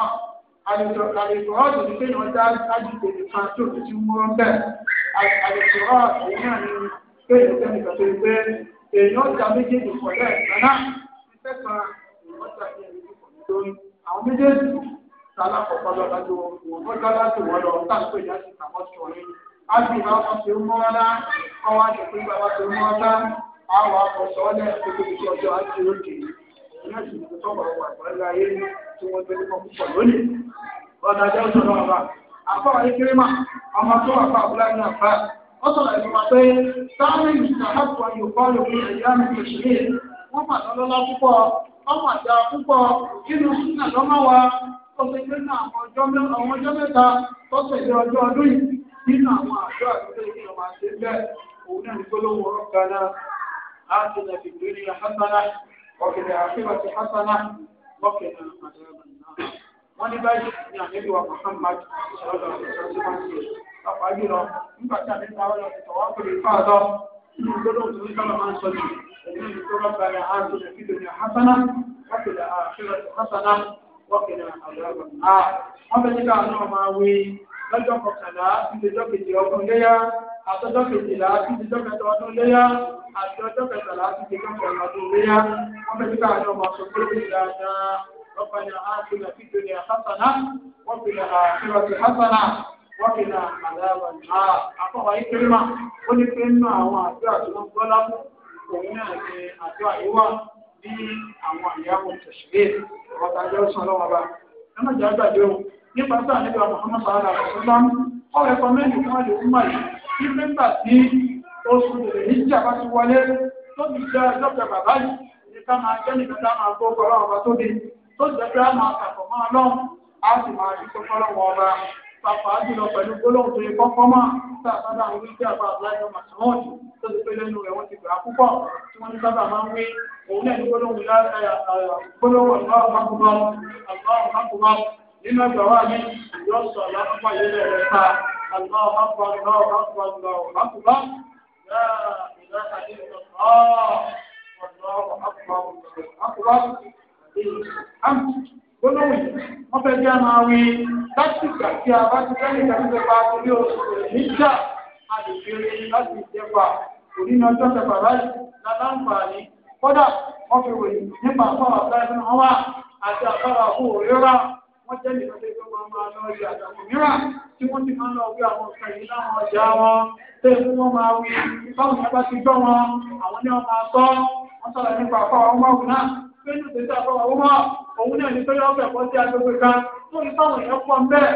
àlèkùrọ́ tó ti pé ní ọjà àjì tèmi kan tó ti ti mú ọ́n bẹ́ẹ̀ àlèkùrọ́ èyí náà ni pé ìrẹsẹ̀ nìkan tó gbé èèyàn ọjà méjèèjì pọ̀ lẹ́ẹ̀kan náà iṣẹ́ kan èèyàn ọjà ní ẹ̀rí pọ̀ nítorí àwọn méjèèjì sálá kọ̀ọ̀kan lọ́la tó wọ́n lọ́jọ́ láti wọ́n lọ táàpé ìyá ti tàbọ̀ sọ̀rọ̀ á sì máa ń àwọn akọ̀sọ́ ọ̀dà ìpínlẹ̀ ọjọ́ àti òkè ní àsìkò wà wà pẹ̀lú ayé tí wọ́n tẹ́lẹ̀ kọ́ púpọ̀ lónìí. ọ̀dà jẹ́ ọ̀sán náà wà. àpá wà ní kírímà ọmọ tó wà fún àbúlá ní àpá. ó sọ̀rọ̀ ìlú pé sáré ìsàkàtọ̀ yorùbá lòun ẹ̀yà mi kẹsìlẹ̀ wọ́n mà lọ́lọ́lá púpọ̀ ọmọ àjà púpọ̀ nínú sínà lọ́mọ wa ní àwọn ọdún yìí nínú آتنا في الدنيا حسنة وفي الآخرة حسنة وقنا عذاب النار wọ́n ní báyìí ní àlejò wa Muhammad ṣọlọ́dọ̀ ọ̀sán tí wọ́n ṣe ọ̀pá jùlọ nígbà tí àlejò àwọn ọ̀sán tọ̀wọ́ pèlè fáadọ́ nínú gbọ́dọ̀ tó ń sọ̀rọ̀ máa ń sọ jù ẹ̀mí ní tó rọ́bà ní àádọ́ ní fídíò ní hasana wákìlẹ̀ àṣírọ̀ ní hasana wákìlẹ̀ àlọ́rọ̀ náà wọ́n fẹ́ nígbà náà máa wí lọ́jọ́ kọkànlá ìgbẹ́jọ́ kejì ọkùnrin léyà àtọ́jọ́ kejìlá títí jọ́kẹta ọdún léyá àti ọjọ́ kẹtàlá títí jọ́kẹta ọdún léyá wọ́n fẹ́ kíkà àjọ ọmọ sọ pé ó ti dáadáa ربنا آتنا في الدنيا حسنة وفي الآخرة حسنة وقنا عذاب النار àkọ́kọ́ yìí kéré mà ó ní pé nínú àwọn àjọ àti wọn gbọ́ lápò òun náà ní àjọ àríwá bí àwọn àyàwó tẹ̀sílẹ̀ ọ̀tá jẹ́ òsàn lọ́wọ́ bá ẹ má jẹ́ àgbàdo nípa kí nígbà tí oṣù ìjà bá ti wọlé tó ti jẹ́ ẹjọ́ pẹ̀ bàbá yìí ní ká máa jẹ́ nìkan tá máa gbó gbọ́rọ̀ ọba tó di tó jẹ́ pé a máa kàpọ̀ mọ́ ọlọ́run a sì máa rí kọ́kọ́rọ́ wọn ọba pàpà jùlọ pẹ̀lú gbólóhùn tó yẹ kọ́kọ́ mọ́ tá a sábà ń wí sí àbá àbáyọ màsíwọ́ọ̀dì tó ti pé lẹ́nu الله أكبر الله أكبر الله أكبر لا إله إلا الله والله أكبر الله أكبر الحمد gbólóhùn wọn fẹẹ jẹ máa wí láti ìgbà tí a bá ti fẹẹ nígbà tí a ti rí oṣù níjà a lè fi rí láti ìjẹba òdìní ọjọ́ kẹfà báyìí lálàǹfààní kódà wọn fi wòye nípa àpá àbáyé wọn wà àti àpárá àbúrò rírà wọ́n jẹ́ nìkan tó gbé máa lọ ọjà àtàwọn mìíràn tí wọ́n ti máa lọ gbé àwọn nǹkan yìí láwọn ọjà wọn tó yẹ wọ́n máa wí báwọn yẹn ti gbọ́ wọn àwọn ní wọn máa wọ́n sọ̀rọ̀ nípa àpá àwọn ọmọkùnrin náà pé ní ìgbésẹ̀ àpá àwọn ọmọ òun náà ní pé yọ ọbẹ̀ pọ̀ sí agbègbè kan tó ní táwọn èèyàn pọ̀ ń bẹ́ẹ̀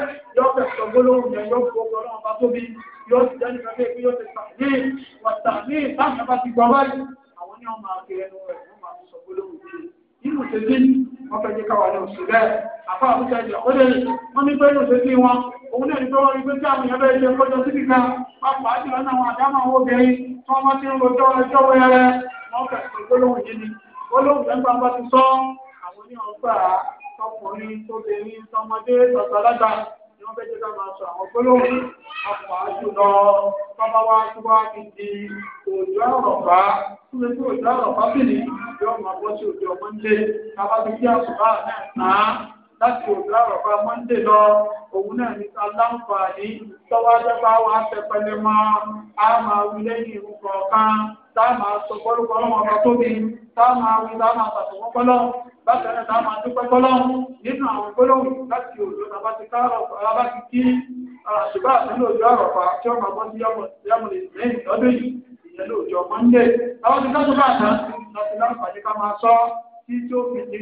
yọ ọbẹ̀ sọ nínú tètè ní wọ́n fẹ́ jẹ́ káwa ní oṣù bẹ́ẹ̀ àfa àbújá ìjà ó lè wọ́n ní pé ní oṣù tí wọn òun náà ní pé wọ́n rí pé tí àwọn èèyàn bẹ́ẹ̀ ṣe kọjọ síbi kan pàápàá jùlọ náà wọn àdámọ̀ àwọn obìnrin tí wọ́n bá ti ń rojọ́ ẹjọ́ wẹ́rẹ́ wọ́n fẹ́ wọ́n fẹ́ jẹ́ ká máa sọ àwọn gbólóhùn ọ̀pọ̀ àjùlọ bàbá wa tó wá fi di òjò àrọ̀bá tó lè fi òjò àrọ̀bá bìlì yóò máa bọ́ sí òjò mọ́ndé bàbá fi kí àsùbá náà náà láti òjò àrọ̀bá mọ́ndé lọ òun náà ní ká láǹfààní tọ́wọ́ ajẹ́pá wa tẹpẹlẹ mọ́ a máa wí lẹ́yìn ìrù kọ̀ọ̀kan tá a máa sọ gbọ́dọ̀ gbọ́dọ̀ wọn bá tóbi tá a máa wí tá a máa tàbí wọ́n gbọ́dọ̀ bákan náà táwọn máa dúpẹ́ kọ́lọ́hún nínú àwọn gbólóhùn láti òjò bàbá ti káàrọ̀ bàbá ti kí àṣùbà nínú òjò àrọ̀pá tí wọ́n máa bọ́ sí yàmùlẹ̀ lẹ́yìn lọ́dún yìí ìyẹn lóòjọ́ mọ́ndé táwọn ti dáṣọ́ bá tán láti láǹfààní ká máa sọ tí tó fi di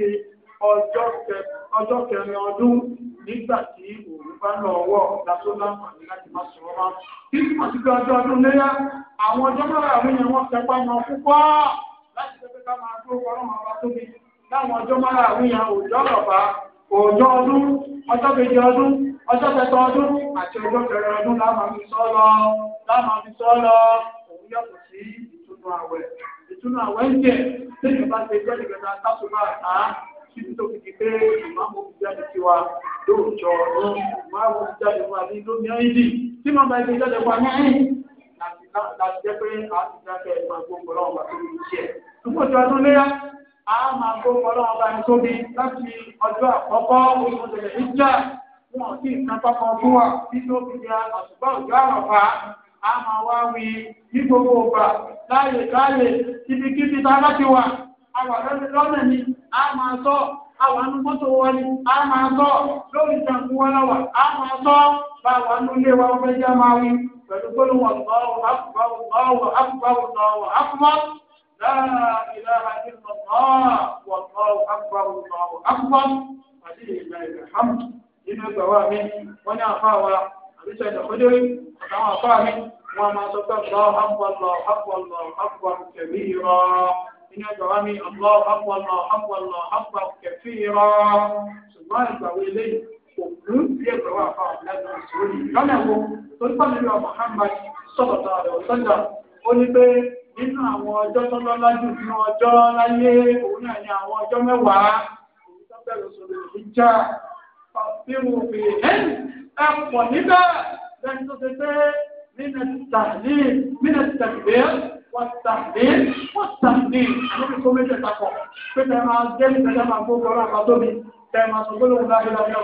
ọjọ́ kẹrin ọdún nígbà tí òun bá lọ ọwọ́ lásán láǹfààní láti má sọ wọn. kí ni wọ́n ti fi ọjọ́ ọdún léyà àwọn ọjọ́ mọ́ra àwọn èèyàn wọn tẹpá wọn púpọ̀ láti tẹ́tẹ́ ká máa dúró wọ́n máa wá láwọn ọjọ́ mọ́ra àwíyàn òjò ọ̀rọ̀fà òjò ọdún ọjọ́ kejì ọdún ọjọ́ kẹta ọdún àti ọjọ́ kẹrin ọdún láwọn fi sọ lọ láwọn fi sọ lọ òun yàtọ̀ sí ìtúnu àwẹ̀ ìtúnu àwẹ̀ ń jẹ lẹ́yìn bá ṣe jẹ́ ìgbẹ́ta táṣù máa ta títí tó fi di pé ìmáàmù fi jáde sí wa lóòjọ́ ọdún ìmáàmù fi jáde wa ní lómi ẹ́yìndì tí màá bá ibi jáde wa ní ẹ̀yìn láti jẹ́ pé àá ti dákẹ́ ìgbàgbọ́ ọ̀pọ̀lọpọ̀ àti ìṣẹ́ a máa gbó ọlọ́run ọba ní tóbi láti ọjọ́ àkọ́kọ́ olùmọ̀tẹ̀lẹ̀ ìjà wọn kí nǹkan pápọ̀ fún wa nítorí bí a àṣùgbọ́n òjò àràfà a máa wá wí ní gbogbo ọgbà láàyè káàyè kíbikíbi tá a bá ti wà a wà lọ́nà ni a máa sọ àwọn anú mọ́tò wọn ni a máa sọ lórí ìjàǹkú wọn lọ́wọ́ a máa sọ bá àwọn anú ilé wa wọn fẹ́ jẹ́ máa wí pẹ̀lú gbólóhùn ọ̀gbọ́n ọ̀gbọ́n ọ̀gbọ́n ọ̀gbọ́n ọ̀gbọ́n لا إله إلا الله والله أكبر الله أكبر فلله الحمد nínú ẹgbẹ́ wa mi wọ́n ní àfa wa àbísọ ìdàkọ́dẹ́rì àtàwọn àfa mi wọ́n máa sọ pé ọ̀lọ́ àpọ̀lọ̀ àpọ̀lọ̀ àpọ̀ kẹ̀mí rọ nínú ẹgbẹ́ wa mi ọ̀lọ́ àpọ̀lọ̀ àpọ̀lọ̀ àpọ̀ kẹ̀fí rọ ṣùgbọ́n ẹgbẹ́ wa ilé òkú sí ẹgbẹ́ wa fa ọ̀lẹ́gbẹ́ sórí lọ́nà wo torí pàdé lọ Muhammad sọ̀tọ̀ àdàwọ̀ sọ́jà ó ní pé nínú àwọn ọjọ́ tó lọ́lá jù nínú ọjọ́ láyé òun náà ni àwọn ọjọ́ mẹ́wàá òun tó bẹ̀rẹ̀ sọ̀rọ̀ ìjà fàfihàn òfin ẹ̀yìn ẹ̀pọ̀ níbẹ̀ lẹ́ni tó ṣe pé nínú tàbí nínú tàbí wọ́n tàbí wọ́n tàbí àwọn ìkó méjì papọ̀ pé tẹ máa jẹ́ ìgbẹ́jọ́ máa gbógbó ọlọ́run kan tóbi tẹ máa sọ gbólóhùn láti lọ́ọ́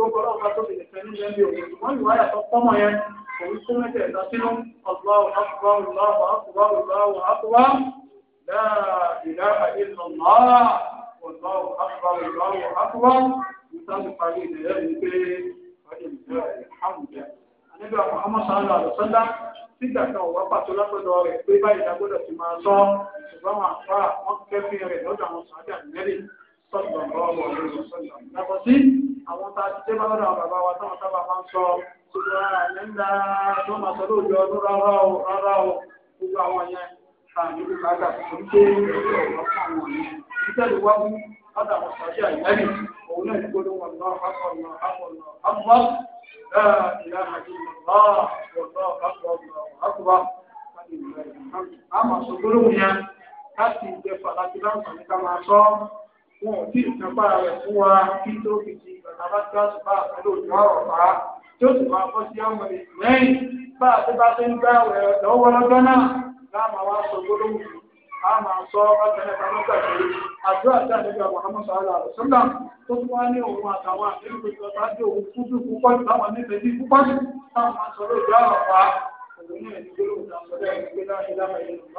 tó ń kọ́lọ́ ọba tó fi nìkan ní ẹ̀mí òun ṣùgbọ́n ìwà yàtọ̀ pọ́mọ yẹn òun kó mẹ́tẹ̀ lọ sínú Allahu akbar Allahu akbar Allahu akbar la ilaha illallah Allahu akbar Allahu akbar ìtàn ìparí ìdẹ̀rẹ́ ní pé ọdún ìjọ ìhàmùjẹ. Àníbà Muhammad sallallahu alaihi wasallam nígbà kan wà pàtó látọ̀dọ̀ rẹ̀ pé báyìí lágbọ́dọ̀ ti máa sọ ṣùgbọ́n àwọn àfáà wọ́n kẹ́fìn rẹ̀ lọ́dọ̀ àwọn sàádà nẹ́rì sọ̀tọ̀ lọ́wọ́ ọ̀rọ̀ sọ̀tọ̀. Yàtọ̀ sí àwọn tá a ti dé báwọn àwọn bàbá wa táwọn sábà máa ń sọ gbogbo ara ní ńlá tó máa sọ lóòjọ́ ọdún rárá o rárá o gbogbo àwọn yẹn àmì ìlú kájà tuntun dé ọ̀rọ̀ fún àwọn yẹn. Títẹ̀lé wájú ọ̀dà àwọn sọ̀tì àyẹ̀lì òun náà gbọ́dọ̀ wọn lọ akọ̀nà akọ̀nà akọ̀nà ìlànà ìlànà wọn ò tí ì kápá rẹ̀ fún wa kí tó fi di bàtà bá tí wọ́n bá àpẹẹrẹ òjò ọ̀rọ̀ bá tí ó sì máa bọ́ sí ọmọ ìsìlẹ́yìn bá a ti bá ti ń gbá rẹ̀ lọ́wọ́ lọ́jọ́ náà láàmà wá sọ gbólóhùn a máa sọ ọ̀tẹ̀lẹ̀ kan lọ́gbà pé àdúrà tí àdébíà Muhammad sallallahu alaihi wasallam tó tún wá ní òun àtàwọn àdébíà tó bá dé òun kúndú púpọ̀ jù láwọn nífẹ̀ẹ́ sí púpọ̀ jù táwọn máa sọ lóòjọ́ àrọ̀pá òun ní gbólóhùn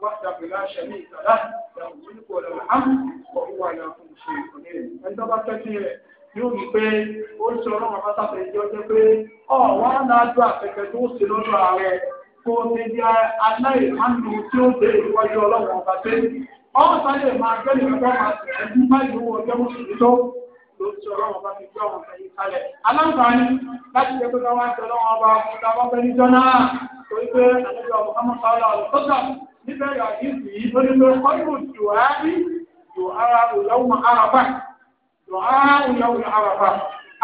وحده لا شريك له له الملك وله الحمد وهو على كل شيء قدير ẹni tó bá tẹ́tí rẹ̀ yóò rí pé ó ń sọ ọlọ́run bá sáfẹ́ ẹjọ́ jẹ́ pé ọ̀ wọ́n á náà dún àfẹ́fẹ́ tó ń ṣe lọ́dọ̀ ààrẹ kó o ti di aláìhánu tí ó dé ìwájú ọlọ́run ọba pé ọ̀ sáré máa gbẹ́lẹ̀ ọgbọ́n máa sì ẹbí báyìí owó ọjọ́ mùsùlùmí tó ló ọlọ́run bá fi gbé ọmọ ẹ̀yìn kalẹ̀ aláǹfààní láti jẹ́ pé káwá ń ọlọ́run ọba fún ta bá fẹ́ níjọ́ náà torí pé àlejò níbẹ̀rẹ̀ àdínkù yìí ó ní pé kọ́lù dùhárí dùhárá òyàwó àràbà dùhárá òyàwó àràbà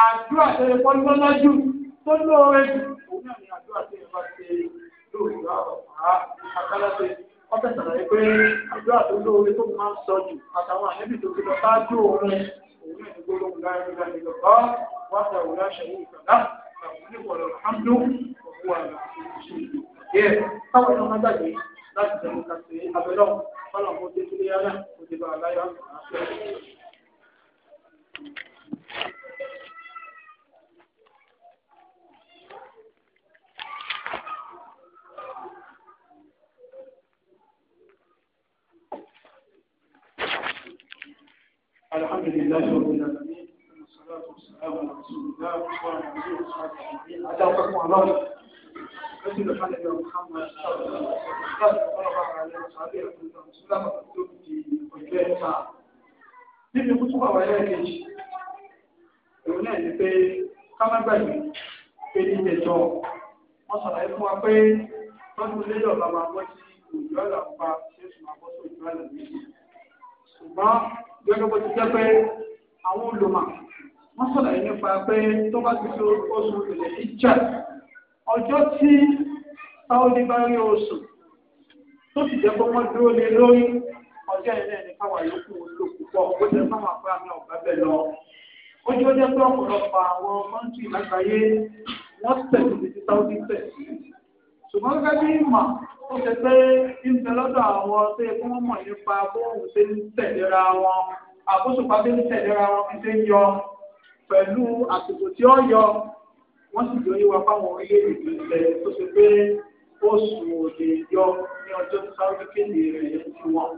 àdúrà tẹ̀lé kọ́lù lọ́jú tó lóore jù òun náà ni àdúrà tẹ̀lé bá ṣe lóòrè àràbà àkàlàṣe ọ̀fẹ́ sàlàyé pé àdúrà tó lóore tó máa ń sọ jù àtàwọn àlébì tó fi lọ sáájú òun òun náà ni gbólóhùn láàrin láàrin lọ́kọ́ wọ́n tẹ̀ òun láṣẹ òun ìgbàlá àwọn onígbọ̀lọ̀ láti tẹ̀lé ká sí abẹ́lọ́ fọlọ́ kó dé sílé yálà kó dé bá a láyọ̀ الحمد لله رب العالمين والصلاة والسلام على رسول الله وعلى آله وصحبه أجمعين أتوقف الله lọ́sílẹ̀ fún ẹgbẹ́ Muhammad níbi kútú bàbá ẹlẹ́ẹ̀kejì èmi náà ní pé kámágbàgbé pé ní ìjẹjọ wọn ṣàlàyé fún wa pé lọ́dún lẹ́yìn ọ̀la máa bọ́ sí òjò àlà pa ṣé sùn máa bọ́ sí òjò àlà méjì ṣùgbọ́n gẹ́gẹ́ bó ti jẹ́ pé àwọn olùmọ̀ wọ́n ṣàlàyé nípa pé tó bá ti so oṣù ìrẹ̀lẹ̀ ìjà ọjọ́ tí sáwọ́dí bá rí oṣù tó sì jẹ́ wọ́n dúró lé lórí ọjọ́ ilé ẹni káwà yòókù ló púpọ̀ ó jẹ́ fáwọn afárá mi ọ̀gá bẹ́ẹ̀ lọ. ó jẹ́ jẹ́ pé ọ̀pọ̀lọpọ̀ àwọn mọ́ńtì lágbàáyé wọ́n tẹ̀sí títí sáwọ́dí wọ́n sì jọ yíwa fáwọn orílẹ̀-èdè tó tó ṣe pé oṣù òde yọ ní ọjọ́ sáwọ́dí kéde rẹ̀ yẹn ti ṣùgbọ́n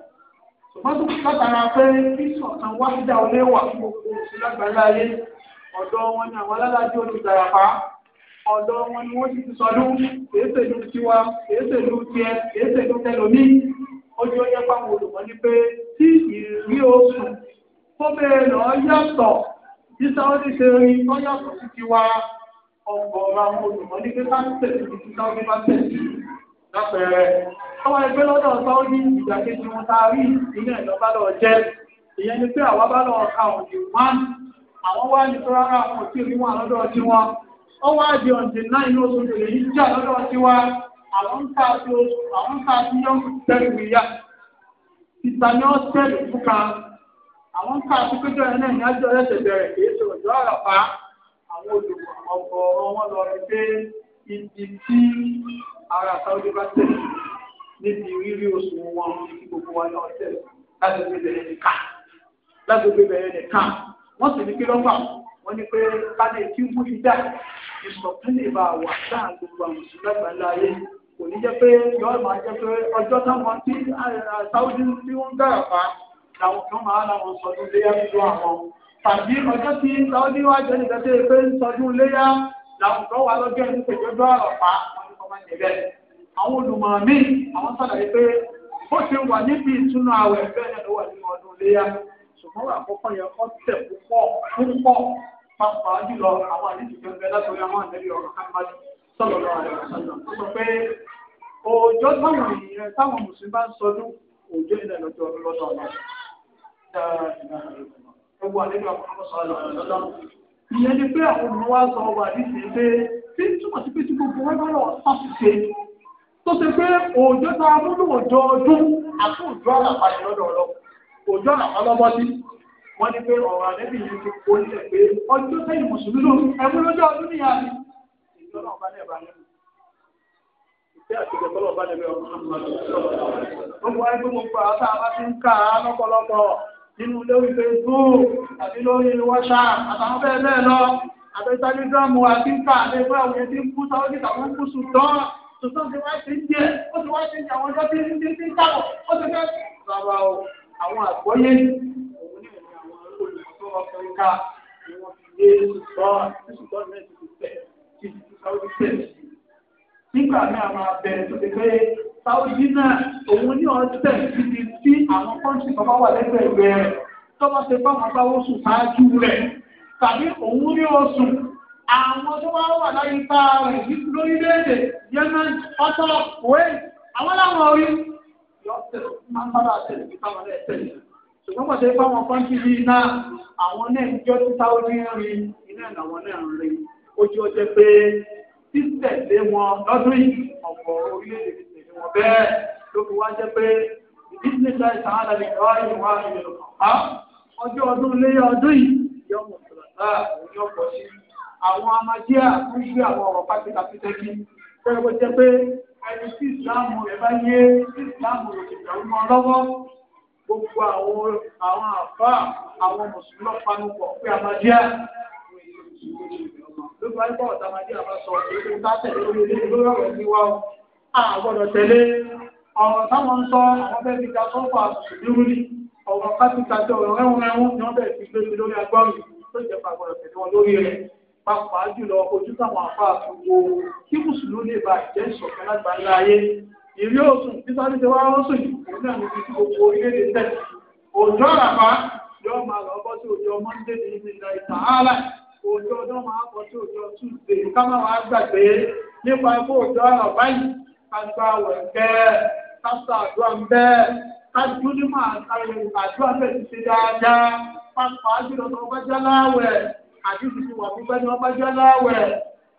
tó látara pé ìṣọ̀kan wáṣídà olé wà fún gbogbo oṣù lágbàlá ayé ọ̀dọ̀ wọn ni àwọn alálàájú olú darapa wọn ni wọ́n ti ti sọdún kèésèlú tiwa kèésèlú tiẹ̀ kèésèlú tẹlomi ojú ọjọ́ fáwọn olùkọ́ ni pé tí ìrírí oṣù tó bẹ̀rẹ̀ lọ yàtọ̀ tí sáwọ́dí ṣe rí ọkọ àwọn olùmọ̀ ní pé bá ń tẹ̀lé ní sáwọ́dí bá tẹ̀lé lápẹẹrẹ. Àwọn ẹgbẹ́ lọ́dọ̀ wọn tá a rí ìpínlẹ̀ ìjọba lọ jẹ́. Ìyẹn ni pé àwa bá lọ ka wán. Àwọn wá ní sọ́ra tí omi wà lọ́dọ̀ ọtí Ó wá di náà inú oṣù yìí jà lọ́dọ̀ ọtí wa. Àwọn ń ta sí àwọn olùkọ́ ọ̀gọ̀ọ̀rọ̀ wọn lọ rí pé ibi tí ara sáwọ́dé bá tẹ̀lé níbi rírí oṣù wọn kí gbogbo wa náà tẹ̀lé láti gbé bẹ̀rẹ̀ nìkan láti gbé bẹ̀rẹ̀ nìkan wọ́n sì ní kí lọ́gbà wọ́n ní pé kálí kí ń kúti dá ìsọ̀kúnlẹ̀ bá wà sáà gbogbo àwọn mùsùlùmí àgbàlá ayé kò ní jẹ́ pé yọ́ọ̀ máa jẹ́ pé ọjọ́ táwọn tí eh, sáwọ́dé tí wọ́n ń gàràpá làwọn kan máa làwọn sọdún léyà nínú àwọn tàbí ọjọ́ tí ń sọ níwájú ẹnìkan tó yẹ pé ń sọdún léyà làwùjọ wà lọ́jọ́ ẹni pẹ̀jọ́jọ́ àrọ̀pá wọn ni kò máa àwọn olùmọ̀ mi àwọn sọ̀rọ̀ pé ó ti wà níbi ìtúnu àwẹ̀ bẹ́ẹ̀ ló wà nínú ọdún léyà ṣùgbọ́n àkọ́kọ́ yẹn kọ́ tẹ̀ púpọ̀ púpọ̀ pàápàá jùlọ àwọn àdìsí gbẹgbẹ látọrí àwọn àdẹ́bí ọ̀rọ̀ kápájú gbogbo àlejò àkọ́kọ́ sọ̀rọ̀ lọ́dọ́. ìyẹn ni pé àwọn ọmọ wa sọ ọba àdìsí pé tí túmọ̀ sí pé tí gbogbo wọn bá lọ sọ́sìṣe tó ṣe pé òòjọ́ ta amúlùmọ̀jọ ọdún àti òòjọ́ àlàfà yẹn lọ́dọ̀ ọlọ́ òòjọ́ àlàfà lọ́bọ́ sí wọ́n ní pé ọ̀rọ̀ àdẹ́bí yìí ti kó nílẹ̀ pé ọjọ́ sẹ́yìn mùsùlùmí ló ẹ̀mú lọ́jọ́ ọdún níyà ni ìjọ náà bá lẹ́ẹ̀bá bá lẹ́ẹ̀bá ọkùnrin a bá ti ń ká lọ́pọ̀lọpọ̀ nínú lórí facebook àti lórí whatsapp àtàwọn bẹ́ẹ̀ bẹ́ẹ̀ lọ àbẹ́tàlídọ́ọ̀mù àti ń kà àti ìwé àwọn ẹni kú sáwọn ní àwọn kú sùtọ́n sùtọ́n ti wá sí ń jẹ ó ti wá sí ń jẹ àwọn ọjọ́ tí ń dín sí kábọ̀ ó ti fẹ́ bàbá o àwọn àgbọ́yé òun ní ìrìn àwọn olùmọ̀tò ọkùnrin ni wọ́n fi gbé sùtọ́n sùtọ́n náà ti fi sí sáwọn ti tẹ̀ nígbà náà máa bẹ̀rẹ̀ tó ti pé sáwọ́dí náà òun ní tí àwọn kọ́ńtì wà lẹ́gbẹ̀ẹ́ rẹ̀ tọ́wọ́ ṣe fáwọn sáwọ́ sùn ṣáájú rẹ̀ tàbí òun ní oṣù àwọn tó wá wà láyé rẹ̀ lórílẹ̀-èdè ọtọ àwọn orí máa ń ṣùgbọ́n pàṣẹ kọ́ńtì yìí náà àwọn náà ń jọ́ títẹ̀lé wọn lọ́dún yìí ọ̀pọ̀ orílẹ̀-èdè ti tẹ̀lé wọn bẹ́ẹ̀ ló fi wá jẹ́ pé ìdílé ta ìtàn àdàlẹ̀ ìwà ìwà ìlú ọ̀pá ọjọ́ ọdún léyà ọdún yìí yọ ọmọ ìtàlá òun yọ pọ̀ sí àwọn amájíà ń gbé àwọn ọ̀rọ̀ pátìkà pítẹ́kì pẹ́ẹ́ bó jẹ́ pé ẹni tí ìsìláàmù rẹ̀ bá yé ìsìláàmù rẹ̀ ti dàrú mọ́ lọ́wọ́ gbogbo àwọn àwọn àfáà àwọn mùsùlùmí lọ́pàá nù pọ̀ pé amájíà lórí wáyé bọ́ọ̀ tá a máa dé àbá sọ èyí tá a tẹ̀lé lórí ilé lórí ọ̀rọ̀ ní wa o a gbọ́dọ̀ tẹ̀lé ọ̀rọ̀ táwọn ń sọ àwọn bẹ́ẹ̀ fi ta sọ́fà àtùsùdúrú ni ọ̀rọ̀ kápítà tí ọ̀rọ̀ rẹ́hùn rẹ́hùn ni wọ́n bẹ̀rẹ̀ fi gbé mi lórí agbáwì tó jẹ́ pa gbọ́dọ̀ tẹ̀lé wọn lórí rẹ̀ pàápàá jùlọ ojú táwọn àfa àtúwò kí mùsùlùmí lè bá jẹ́ ìṣọ̀kan lágbàlá ayé ìrí òsùn tí sáré ti wá rọ́sùn yìí òun ní ti òjò ọdún máa bọ̀ sí òjò túnṣe ká má wàá gbàgbé nípa ikú òjò ọ̀nà báyìí ká gba àwẹ̀ bẹ́ẹ̀ ká sọ àdúrà ń bẹ́ẹ̀ ká dún ní mà àdúrà bẹ́ẹ̀ ti ṣe dáadáa pápá jùlọ tó bá já láwẹ̀ àti ìdìbò wà pípẹ́ ni wọ́n bá já láwẹ̀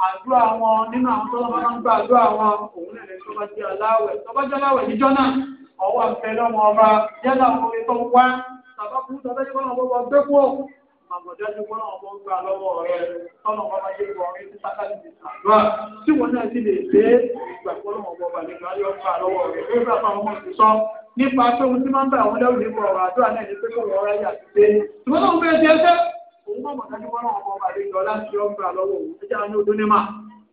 àdúrà wọn nínú àwọn tó ń gba àdúrà wọn òun tó bá náà àmọ̀dájú kọ́ náà wọ́n gbà lọ́wọ́ rẹ̀ tọ́nà wọn máa yé wọn rí sátánì ti sàdúrà tí wọn náà ti lè dé ìgbà kọ́ náà wọ́n bá nígbà yọ gbà lọ́wọ́ rẹ̀ pé bá bá wọn ti sọ nípa pé ohun tí máa ń bá àwọn lẹ́rù nípa ọ̀rọ̀ àdúrà náà ní pé kó wọ́n ráyà ti dé ṣùgbọ́n náà bẹ́ẹ̀ ti ẹsẹ́ òun mọ̀ mọ̀dájú kọ́ náà wọ́n bá nígbà láti yọ gbà lọ́wọ́ òun ẹjẹ́ àánú ọdún ní mà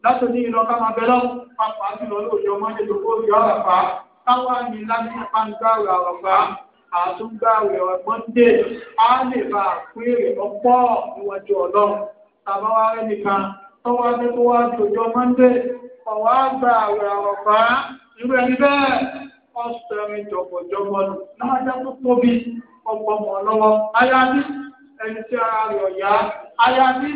láti ní ìlọ ká máa bẹ lọ pàápàá jùlọ lóòjọ́ mọ́ni tó kó yọ ọ̀rọ̀ pa káwá ní láti nípa ń gbà ọ̀rọ̀ pa àtúngbàwẹ̀ mọ́ndé á lè bá pín èrè ọpọ́ níwájú ọlọ́run tàbá wá rẹ nìkan tọ́wọ́ ní kó wá dòjọ́ mọ́ndé ọ̀wá àgbà àwẹ̀ àwọ̀fá irú ẹni bẹ́ẹ̀ ọ̀sẹ̀rin jọ̀bọ̀jọ̀bọ̀ nù lájá tó tóbi ọ̀pọ̀ mọ̀ lọ́wọ́ ayábí ẹni tí ara rẹ̀ ọ̀yá ayábí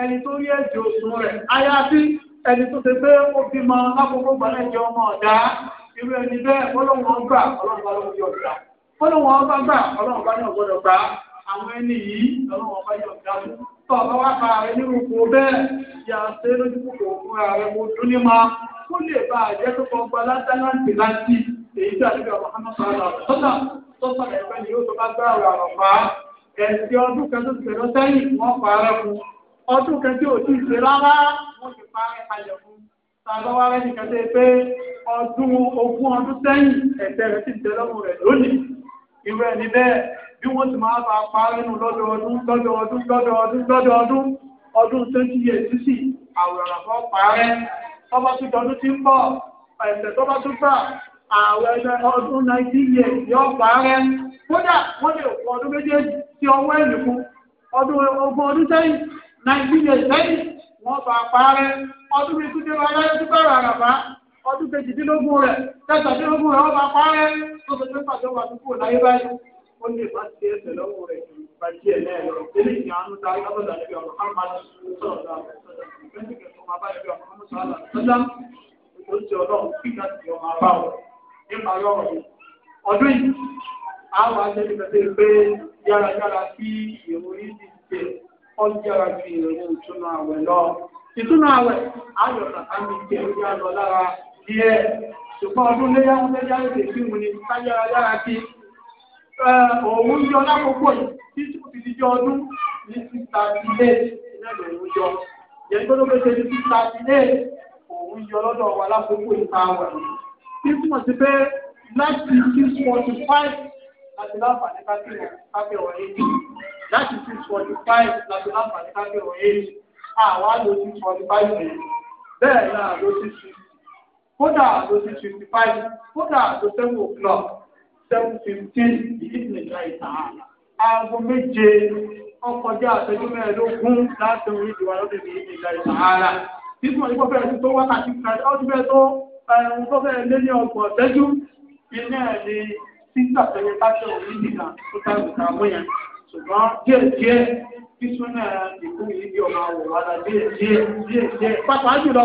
ẹni tó rí ẹ̀jẹ̀ òsùn rẹ̀ ayábí ẹni tó ṣe pé ó bímọ lákòókò gbọ́dọ̀ jẹ́ ọmọ ọ̀dá irú ẹni bẹ́ẹ̀ ọlọ́run ọgbà ọlọ́run ọlọ́run yọ̀ọ̀dá fọlọ́wọ́n ọba gbà ọlọ́run bá ní ọ̀gbọ́dọ̀ gbà àwọn ẹni yìí ọlọ́run ọba yọ̀ ọ̀gá mú tọ́ ọba wá pa ààrẹ nínú ipò bẹ́ẹ̀ yà á ṣe lójú kòkò fún ààrẹ mo èyí tí àdúgbò Muhammad sọ̀rọ̀ sọ́nà tó sọ̀rọ̀ ẹ̀fẹ́ ni yóò tó bá gbá ọ̀rọ̀ àrọ̀ pa ẹ̀sìn ọdún kan tó tẹ̀lọ sẹ́yìn wọ́n pa ara fún ọdún kan tí ò tí ì ṣe rárá wọ́n ti pa ẹ̀ kalẹ̀ fún tàbáwá rẹ̀ nìkan tẹ́ pé irú ẹni bẹ́ẹ̀ bí wọ́n ti máa bá parí nù lọ́dọọdún lọ́dọọdún lọ́dọọdún lọ́dọọdún ọdún years sísì parẹ́ tọ́ba tún dọdún tí ń bọ̀ ẹ̀sẹ̀ tọ́ba tún fà àwọn ẹgbẹ́ ọdún years yóò parẹ́ kódà wọ́n lè ọdún méjèèjì ọwọ́ ọdún ọdún wọ́n ọdún kejìdínlógún rẹ̀ kẹtàdínlógún rẹ̀ ọba tó wà dúpọ̀ láyé báyìí ó lè ti ẹsẹ̀ lọ́wọ́ rẹ̀ náà lọ ọ̀rọ̀ sọ̀rọ̀ máa bá ẹgbẹ́ ọ̀rọ̀ ká díẹ̀ ṣùgbọ́n ọdún léyà ń léyà ń lè fíìmù ni káyára yára kí òun yọ lákòókò yìí tí tí kò fi di jọ ọdún ní sísá ilé iná ìlú òun yọ yẹn tó ló fẹ́ ṣe ní sísá ilé òun yọ lọ́dọ̀ wa lákòókò ìta wà yìí tí túmọ̀ sí pé láti six forty five láti láǹfààní káfíọ̀ wọ̀nyí láti six forty five láti láǹfààní káfíọ̀ wọ̀nyí àwọn àlọ́ six forty five bẹ́ẹ̀ náà ló ti sùn kódà tó ti five kódà tó seven o'clock seven fifteen ìdíjìnlẹ ìlà ìtàn aago méje ọkọjá àtẹjú mẹ́ẹ̀ẹ́dógún láti orí ìdìwà lọ́dún ní ìlà ìtàn títún ìgbọ́ fẹ́ẹ́ tó wákàtí kan ọdún fẹ́ẹ́ tó ẹ̀rùn tó fẹ́ẹ́ lé ní ọgbọ̀n ọ̀tẹ́jú iná ẹ̀ ní títà fẹ́yẹ káṣọ òní nìkan tó táwọn ìta mú yẹn ṣùgbọ́n díẹ̀ díẹ̀ sísún náà ìkú yìí bí ọmọ àwòrán díẹ̀ díẹ̀ díẹ̀ díẹ̀ pàápàá jùlọ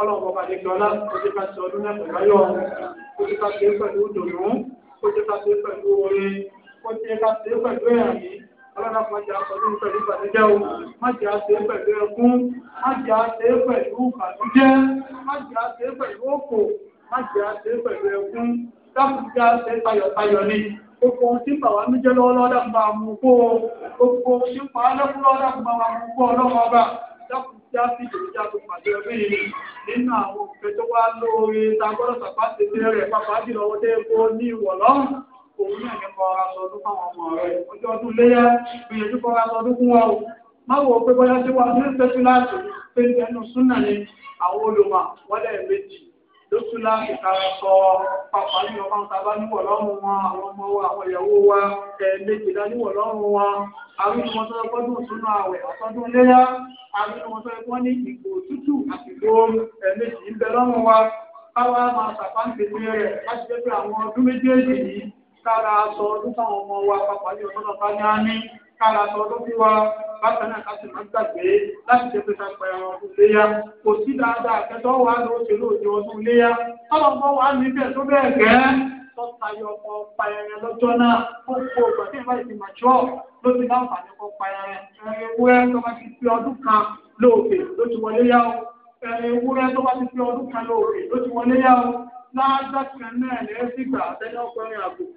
ọlọ́run ọba àdéjọ́lá ó ti ká ṣe ọdún náà pẹ̀lú ayọ̀ ó ti ká ṣe é pẹ̀lú dòdò ó ti ká ṣe é pẹ̀lú oore ó ti ká ṣe é pẹ̀lú ẹ̀rín ọlọ́dà kan jẹ́ àkọ́dún pẹ̀lú ìbànújẹ́ o má jẹ́ àṣẹ pẹ̀lú ẹkún má jẹ́ àṣẹ pẹ̀lú ìbànújẹ́ má jẹ́ àṣẹ pẹ̀lú òkò má jẹ́ àṣẹ pẹ̀lú ẹkún dákùn jẹ́ àṣẹ tayọ̀tayọ̀ ni gbogbo ohun tí bàwá mi jẹ́ lọ́wọ́ lọ́dà ń bá a mú kó o gbogbo ohun tí bàwá lọ́kùn lọ́dà ń bá a mú kó ọlọ́mọba dákùn já sí ìjòjújáde pàdé ọdún yìí nínú àwọn òfin tó wá lóore ta gbọ́dọ̀ sàpá ti tẹ́ rẹ̀ pàpà jùlọ wọ́n dé kó ní ìwọ̀ lọ́rùn òun náà ní kọ́ aṣọ ọdún fáwọn ọmọ rẹ̀ ojú ọdún léyà gbìyànjú kọ́ aṣọ ọdún ni àwọn olùmọ̀ wọ́n lẹ́ẹ̀mejì lóṣù láti kára sọ pàpà nínú ọkàn tábà níwọ̀ lọ́rùn wọn àwọn ọmọ wa àwọn ìyàwó wa ẹ̀ẹ́dẹ́gbẹ̀ dáníwọ̀ lọ́rùn wọn àrùn wọn tó ẹgbọ́n dùn sínú àwẹ̀ àtọ́dún léyà àrùn wọn tó ẹgbọ́n ní ìgò tútù àti ìgò ẹ̀ẹ́dẹ́gbẹ̀ ń bẹ lọ́rùn wa káwa máa sàpáǹkì sí rẹ̀ láti jẹ́ pé àwọn ọdún méjèèjì yìí kára sọ ọdún táwọn ọmọ wa pàpà nínú ọkàn kálá sọ ọdún bí wa bákan náà ká sì máa gbàgbé láti ṣe pé ká pẹ ẹran ọdún léyà kò sí dáadáa kẹtọ wà ló ṣe lóòjọ ọdún léyà tọlọmọ wà níbẹ̀ tó bẹ́ẹ̀ gẹ́ tọ́tayọ ọkọ̀ pa ẹran lọ́jọ́ náà ó kó ọgbà tí ìbá ìsìn màjọ́ ló ti láǹfààní kọ́ pa ẹran ẹran ewúrẹ́ tó bá ti fi ọdún kan lóòkè ló ti wọlé yá o ẹran ewúrẹ́ tó bá ti fi ọdún kan lóòkè ló ti wọlé yá o láàdá náà lẹ́ẹ̀sìgbà àtẹ́yọ́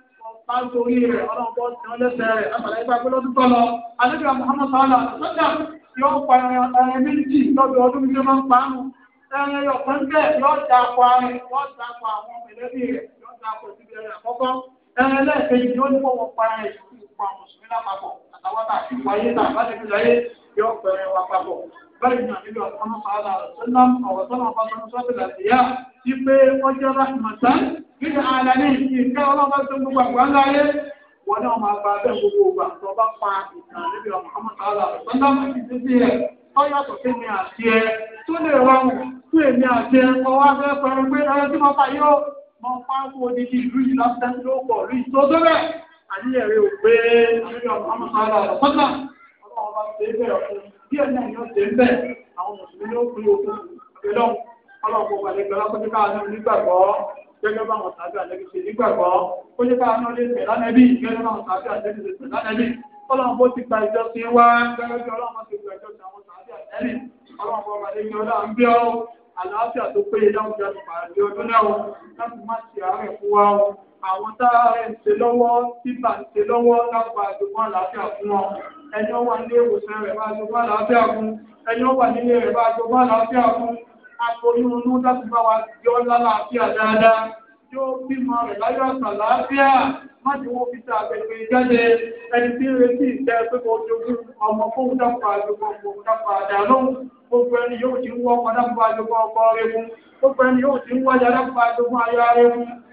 máa ń torí rẹ̀ ọlọ́pọ̀ tí wọ́n lẹ́sẹ̀ rẹ̀ àpàlà ìgbà pé lọ́dún tọ́ lọ àdébìyà Muhammad sallá sọ́jà yóò pa ẹran méjì lọ́dún ọdún bí ó máa ń pa ánu ẹran ẹyọ kan bẹ́ẹ̀ yóò da akọ ààrẹ yóò da akọ àwọn mẹ̀lẹ́bí rẹ̀ yóò da akọ síbi ẹran àkọ́kọ́ ẹran ẹlẹ́ẹ̀kejì yóò ní fọwọ́ pa ẹran ìṣ báyìí náà nílò ọ̀sán sọ́ọ́lá ọ̀sán ọ̀rọ̀ sọ́nà ọ̀pá sọ́nà sọ́ọ́lá làbíyá ti pé ọjọ́ rahmatan nígbà àlà ní ìka ọlọ́ba tó gbogbo àgbà ńlá yé wọn náà máa gba abẹ́ gbogbo ògbà tó bá pa ìtàn níbi ọ̀sán sọ́ọ́lá ọ̀sán náà ti ti ti rẹ̀ ọ̀yàtọ̀ sí mi àti ẹ tó lè rọrùn tó èmi àti ẹ ọwọ́ abẹ́ pẹ̀lú pé ọ̀rẹ́ tí mo fà yóò mọ pákó odidi ìlú yìí lọ́sẹ̀ ló pọ̀ lù ì bí ẹni àyàn ṣe ń bẹ̀ àwọn mùsùlùmí ló pín ogun ìpínlẹ̀ ọlọ́pọ̀ pàdé pẹ̀lú ọkọ̀ nípa àánú nígbàgbọ́ gẹ́gẹ́ bá wọn tàbí àlẹ́bí ṣe nígbàgbọ́ ó jẹ́ káwọn náà lè tẹ̀ lánàbí gẹ́gẹ́ bá wọn tàbí àlẹ́bí ṣe tẹ̀ lánàbí ọlọ́run bó ti gba ìjọsìn wá gẹ́gẹ́ bí ọlọ́run ti gba ìjọsìn àwọn tàbí àlẹ́bí ọlọ́run bọ́ wàlé ní ọlọ́run bí ọ́ àlàáfíà tó péye dáhùn jáde pàdé ọdún náà láti má ṣe àárẹ̀ fún wa àwọn tá a rẹ̀ ń ṣe lọ́wọ́ tí bá ń ṣe lọ́wọ́ lápá àdúgbò àlàáfíà fún wọn ẹni ó wà nílé ìwòsàn rẹ̀ bá jogún àlàáfíà fún ẹni ó wà nílé rẹ̀ bá jogún àlàáfíà fún aforíhunú láti bá wa yọ lálàáfíà dáadáa tí ó bímọ rẹ̀ láyọ̀ àtàlàáfíà má ti wọ́n fi ta àgbègbè jáde ẹni tí ń retí ìtẹ́ pé kò jogún ọmọ fóun dápò àjogún ọmọ fóun dápò àdánù gbogbo ẹni yóò ti ń wọ́ ọmọ dápò àjogún ọkọ rẹ̀ fún gbogbo ẹni yóò ti ń wájà dápò àjogún ayọ̀